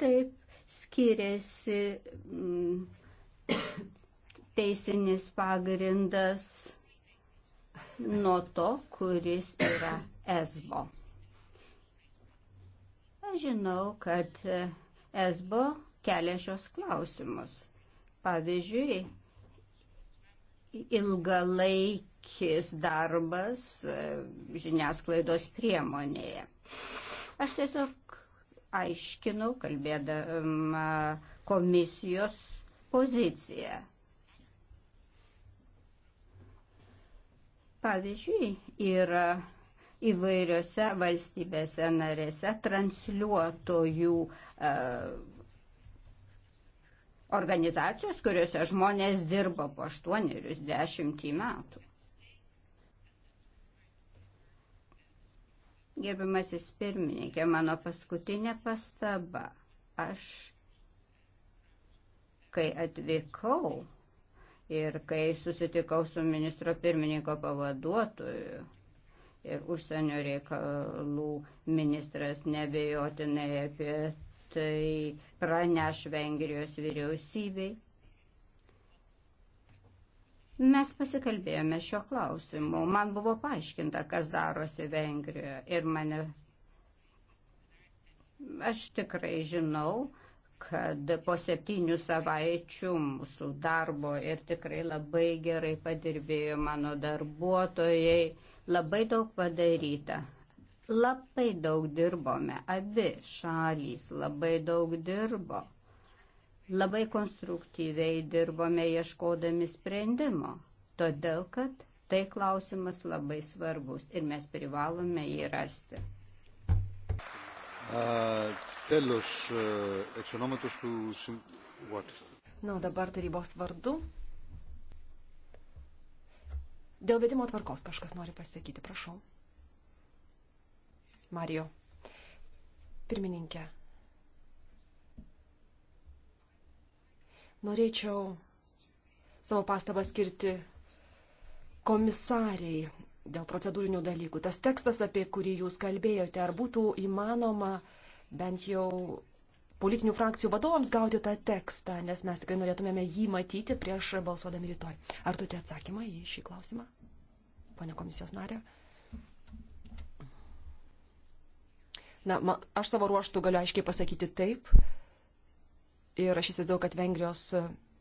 Taip skiriasi mm, teisinis pagrindas nuo to, kuris yra esbo. Aš žinau, kad e, ESBO kelia šios klausimus. Pavyzdžiui, ilgalaikis darbas e, žiniasklaidos priemonėje. Aš tiesiog aiškinau, kalbėdama komisijos poziciją. Pavyzdžiui, yra įvairiose valstybėse narėse transliuotojų e, organizacijos, kuriuose žmonės dirba po 8-10 metų. Gerbimasis pirmininkė, mano paskutinė pastaba. Aš, kai atvykau ir kai susitikau su ministro pirmininko pavaduotoju, ir užsienio reikalų ministras nebejotinai apie tai praneš Vengrijos vyriausybei. Mes pasikalbėjome šio klausimu. Man buvo paaiškinta, kas darosi Vengrijoje ir mane. Aš tikrai žinau, kad po septynių savaičių mūsų darbo ir tikrai labai gerai padirbėjo mano darbuotojai Labai daug padaryta. Labai daug dirbome. Abi šalys labai daug dirbo. Labai konstruktyviai dirbome ieškodami sprendimo. Todėl, kad tai klausimas labai svarbus ir mes privalome jį rasti. Uh, Τέλος, εξ ονόματος του... What? Na, o dabar tarybos vardu Dėl vedimo tvarkos kažkas nori pasakyti, prašau. Mario. Pirmininkė. Norėčiau savo pastabą skirti komisariai dėl procedūrinių dalykų. Tas tekstas, apie kurį jūs kalbėjote, ar būtų įmanoma bent jau politinių frakcijų vadovams gauti tą tekstą, nes mes tikrai norėtumėme jį matyti prieš balsuodami rytoj. Ar turite atsakymą į šį klausimą? ponė komisijos narė. Na, man, aš savo ruoštų galiu aiškiai pasakyti taip. Ir aš įsivaizduoju, kad Vengrijos e,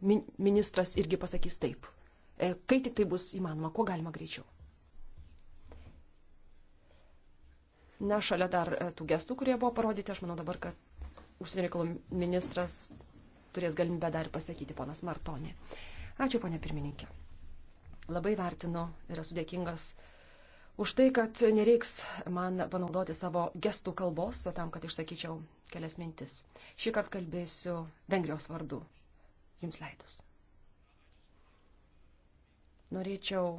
min, ministras irgi pasakys taip. E, kai tik tai bus įmanoma, kuo galima greičiau. Na, šalia dar e, tų gestų, kurie buvo parodyti, aš manau dabar, kad užsienio reikalų ministras turės galimybę dar pasakyti, ponas Martonė. Ačiū, ponė pirmininkė. Labai vertinu ir esu dėkingas už tai, kad nereiks man panaudoti savo gestų kalbos tam, kad išsakyčiau kelias mintis. Šį kartą kalbėsiu Vengrijos vardu. Jums leidus. Norėčiau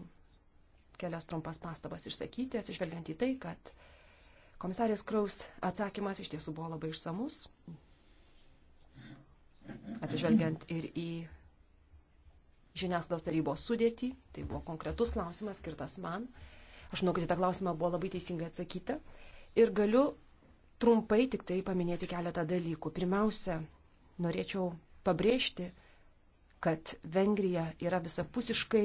kelias trumpas pastabas išsakyti, atsižvelgiant į tai, kad komisarės Kraus atsakymas iš tiesų buvo labai išsamus, atsižvelgiant ir į žiniasklaidos tarybos sudėtį. Tai buvo konkretus klausimas skirtas man. Aš manau, kad į tą klausimą buvo labai teisingai atsakyta. Ir galiu trumpai tik tai paminėti keletą dalykų. Pirmiausia, norėčiau pabrėžti, kad Vengrija yra visapusiškai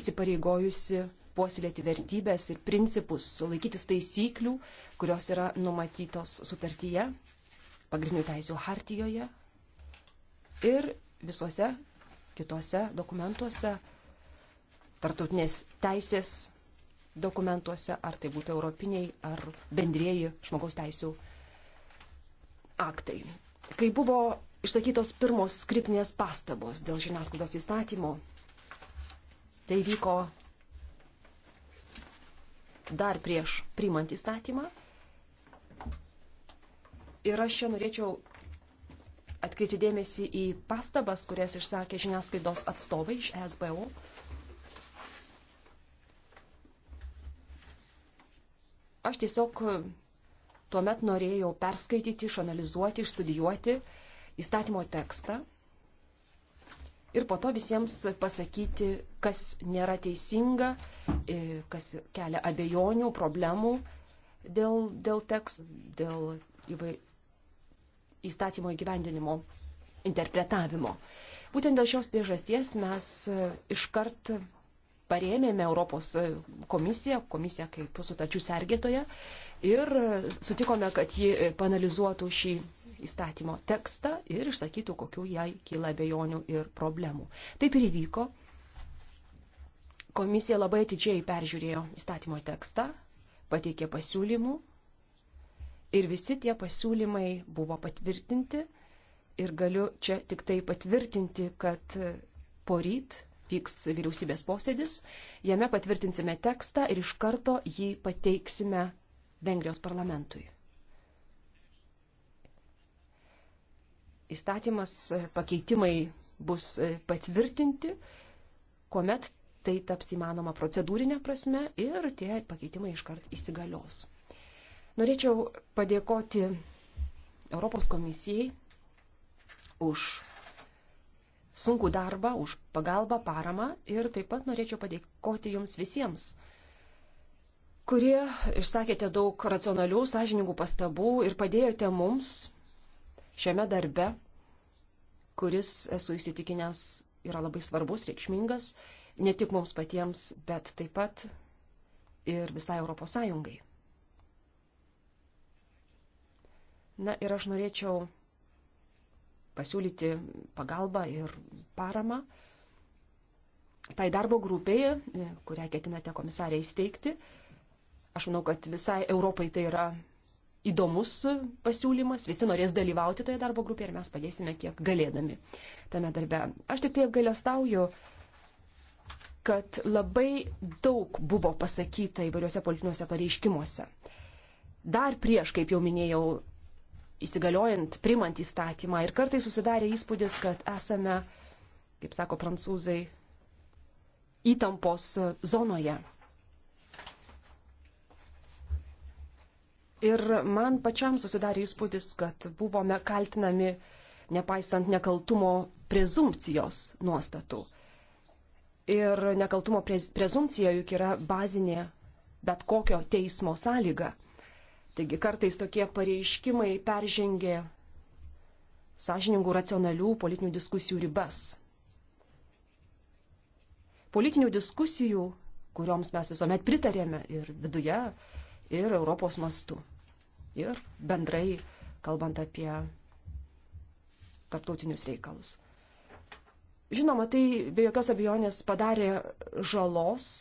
įsipareigojusi puoselėti vertybės ir principus, laikytis taisyklių, kurios yra numatytos sutartyje, pagrindinių teisų hartijoje ir visuose kitose dokumentuose, tartautinės teisės dokumentuose, ar tai būtų europiniai ar bendrėjai žmogaus teisų aktai. Kai buvo išsakytos pirmos kritinės pastabos dėl žiniasklaidos įstatymo, tai vyko dar prieš priimant įstatymą. Ir aš čia norėčiau atkreipti dėmesį į pastabas, kurias išsakė žiniasklaidos atstovai iš SBO. Aš tiesiog e, tuomet norėjau perskaityti, išanalizuoti, išstudijuoti įstatymo tekstą ir po to visiems pasakyti, kas nėra teisinga, e, kas kelia abejonių, problemų dėl, dėl tekstų, dėl įvairių įstatymo įgyvendinimo interpretavimo. Būtent dėl šios priežasties mes e, iškart parėmėme Europos e, komisiją, komisiją kaip sutarčių sergėtoje ir e, sutikome, kad ji panalizuotų šį įstatymo tekstą ir išsakytų, kokiu jai kyla bejonių ir problemų. Taip ir įvyko. Komisija labai atidžiai peržiūrėjo įstatymo tekstą, pateikė pasiūlymų Ir visi tie pasiūlymai buvo patvirtinti ir galiu čia tik tai patvirtinti, kad poryt vyks vyriausybės posėdis, jame patvirtinsime tekstą ir iš karto jį pateiksime Vengrijos parlamentui. Įstatymas pakeitimai bus patvirtinti, kuomet tai taps įmanoma procedūrinė prasme ir tie pakeitimai iškart įsigalios. Norėčiau padėkoti Europos komisijai už sunkų darbą, už pagalbą, paramą ir taip pat norėčiau padėkoti jums visiems, kurie išsakėte daug racionalių, sąžiningų pastabų ir padėjote mums šiame darbe, kuris, esu įsitikinęs, yra labai svarbus, reikšmingas, ne tik mums patiems, bet taip pat ir visai Europos Sąjungai. Na ir aš norėčiau pasiūlyti pagalbą ir paramą tai darbo grupėje, kurią ketinate komisarė įsteigti. Aš manau, kad visai Europai tai yra įdomus pasiūlymas, visi norės dalyvauti toje darbo grupėje ir mes padėsime kiek galėdami tame darbe. Aš tik tai apgailestauju, kad labai daug buvo pasakyta įvairiuose politiniuose pareiškimuose. Dar prieš, kaip jau minėjau, įsigaliojant, primant įstatymą. Ir kartai susidarė įspūdis, kad esame, kaip sako prancūzai, įtampos zonoje. Ir man pačiam susidarė įspūdis, kad buvome kaltinami nepaisant nekaltumo prezumpcijos nuostatų. Ir nekaltumo prezumcija juk yra bazinė bet kokio teismo sąlyga. Taigi kartais tokie pareiškimai peržengė sąžiningų racionalių politinių diskusijų ribas. Politinių diskusijų, kurioms mes visuomet pritarėme ir viduje, ir Europos mastu. Ir bendrai kalbant apie tarptautinius reikalus. Žinoma, tai be jokios abejonės padarė žalos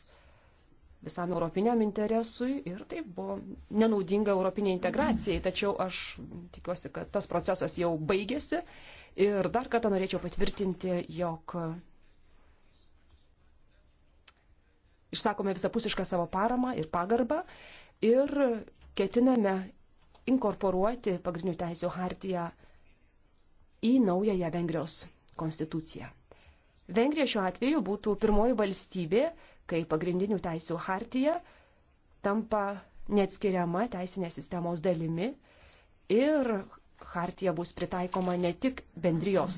visam europiniam interesui ir tai buvo nenaudinga europinė integracijai. Tačiau aš tikiuosi, kad tas procesas jau baigėsi ir dar kartą norėčiau patvirtinti, jog išsakome visapusišką savo paramą ir pagarbą ir ketiname inkorporuoti pagrindinių teisų hartiją į naująją Vengrijos konstituciją. Vengrija šiuo atveju būtų pirmoji valstybė, kai pagrindinių teisių hartija tampa neatskiriama teisinės sistemos dalimi ir hartija bus pritaikoma ne tik bendrijos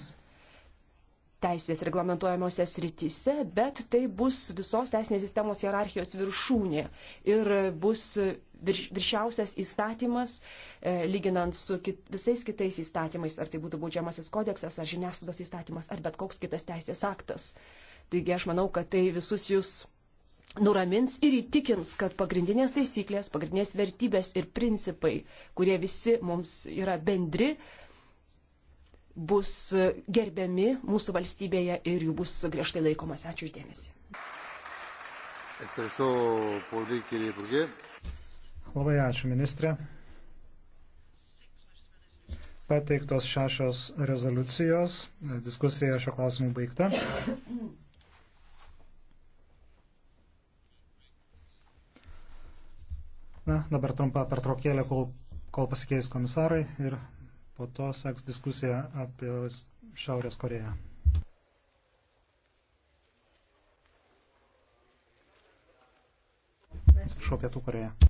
teisės reglamentuojamosiose srityse, bet tai bus visos teisinės sistemos hierarchijos viršūnė ir bus virš, viršiausias įstatymas, e, lyginant su kit, visais kitais įstatymais, ar tai būtų baudžiamasis kodeksas, ar žiniasklaidos įstatymas, ar bet koks kitas teisės aktas. Taigi aš manau, kad tai visus jūs nuramins ir įtikins, kad pagrindinės taisyklės, pagrindinės vertybės ir principai, kurie visi mums yra bendri, bus gerbiami mūsų valstybėje ir jų bus griežtai laikomas. Ačiū uždėmesi. Labai ačiū, ministrė. Pateiktos šešios rezoliucijos. Diskusija šio klausimu baigta. Na, dabar trumpa pertraukėlė, kol, kol pasikeis komisarai ir po to seks diskusija apie Šiaurės Koreją. Atsiprašau, Pietų Koreją.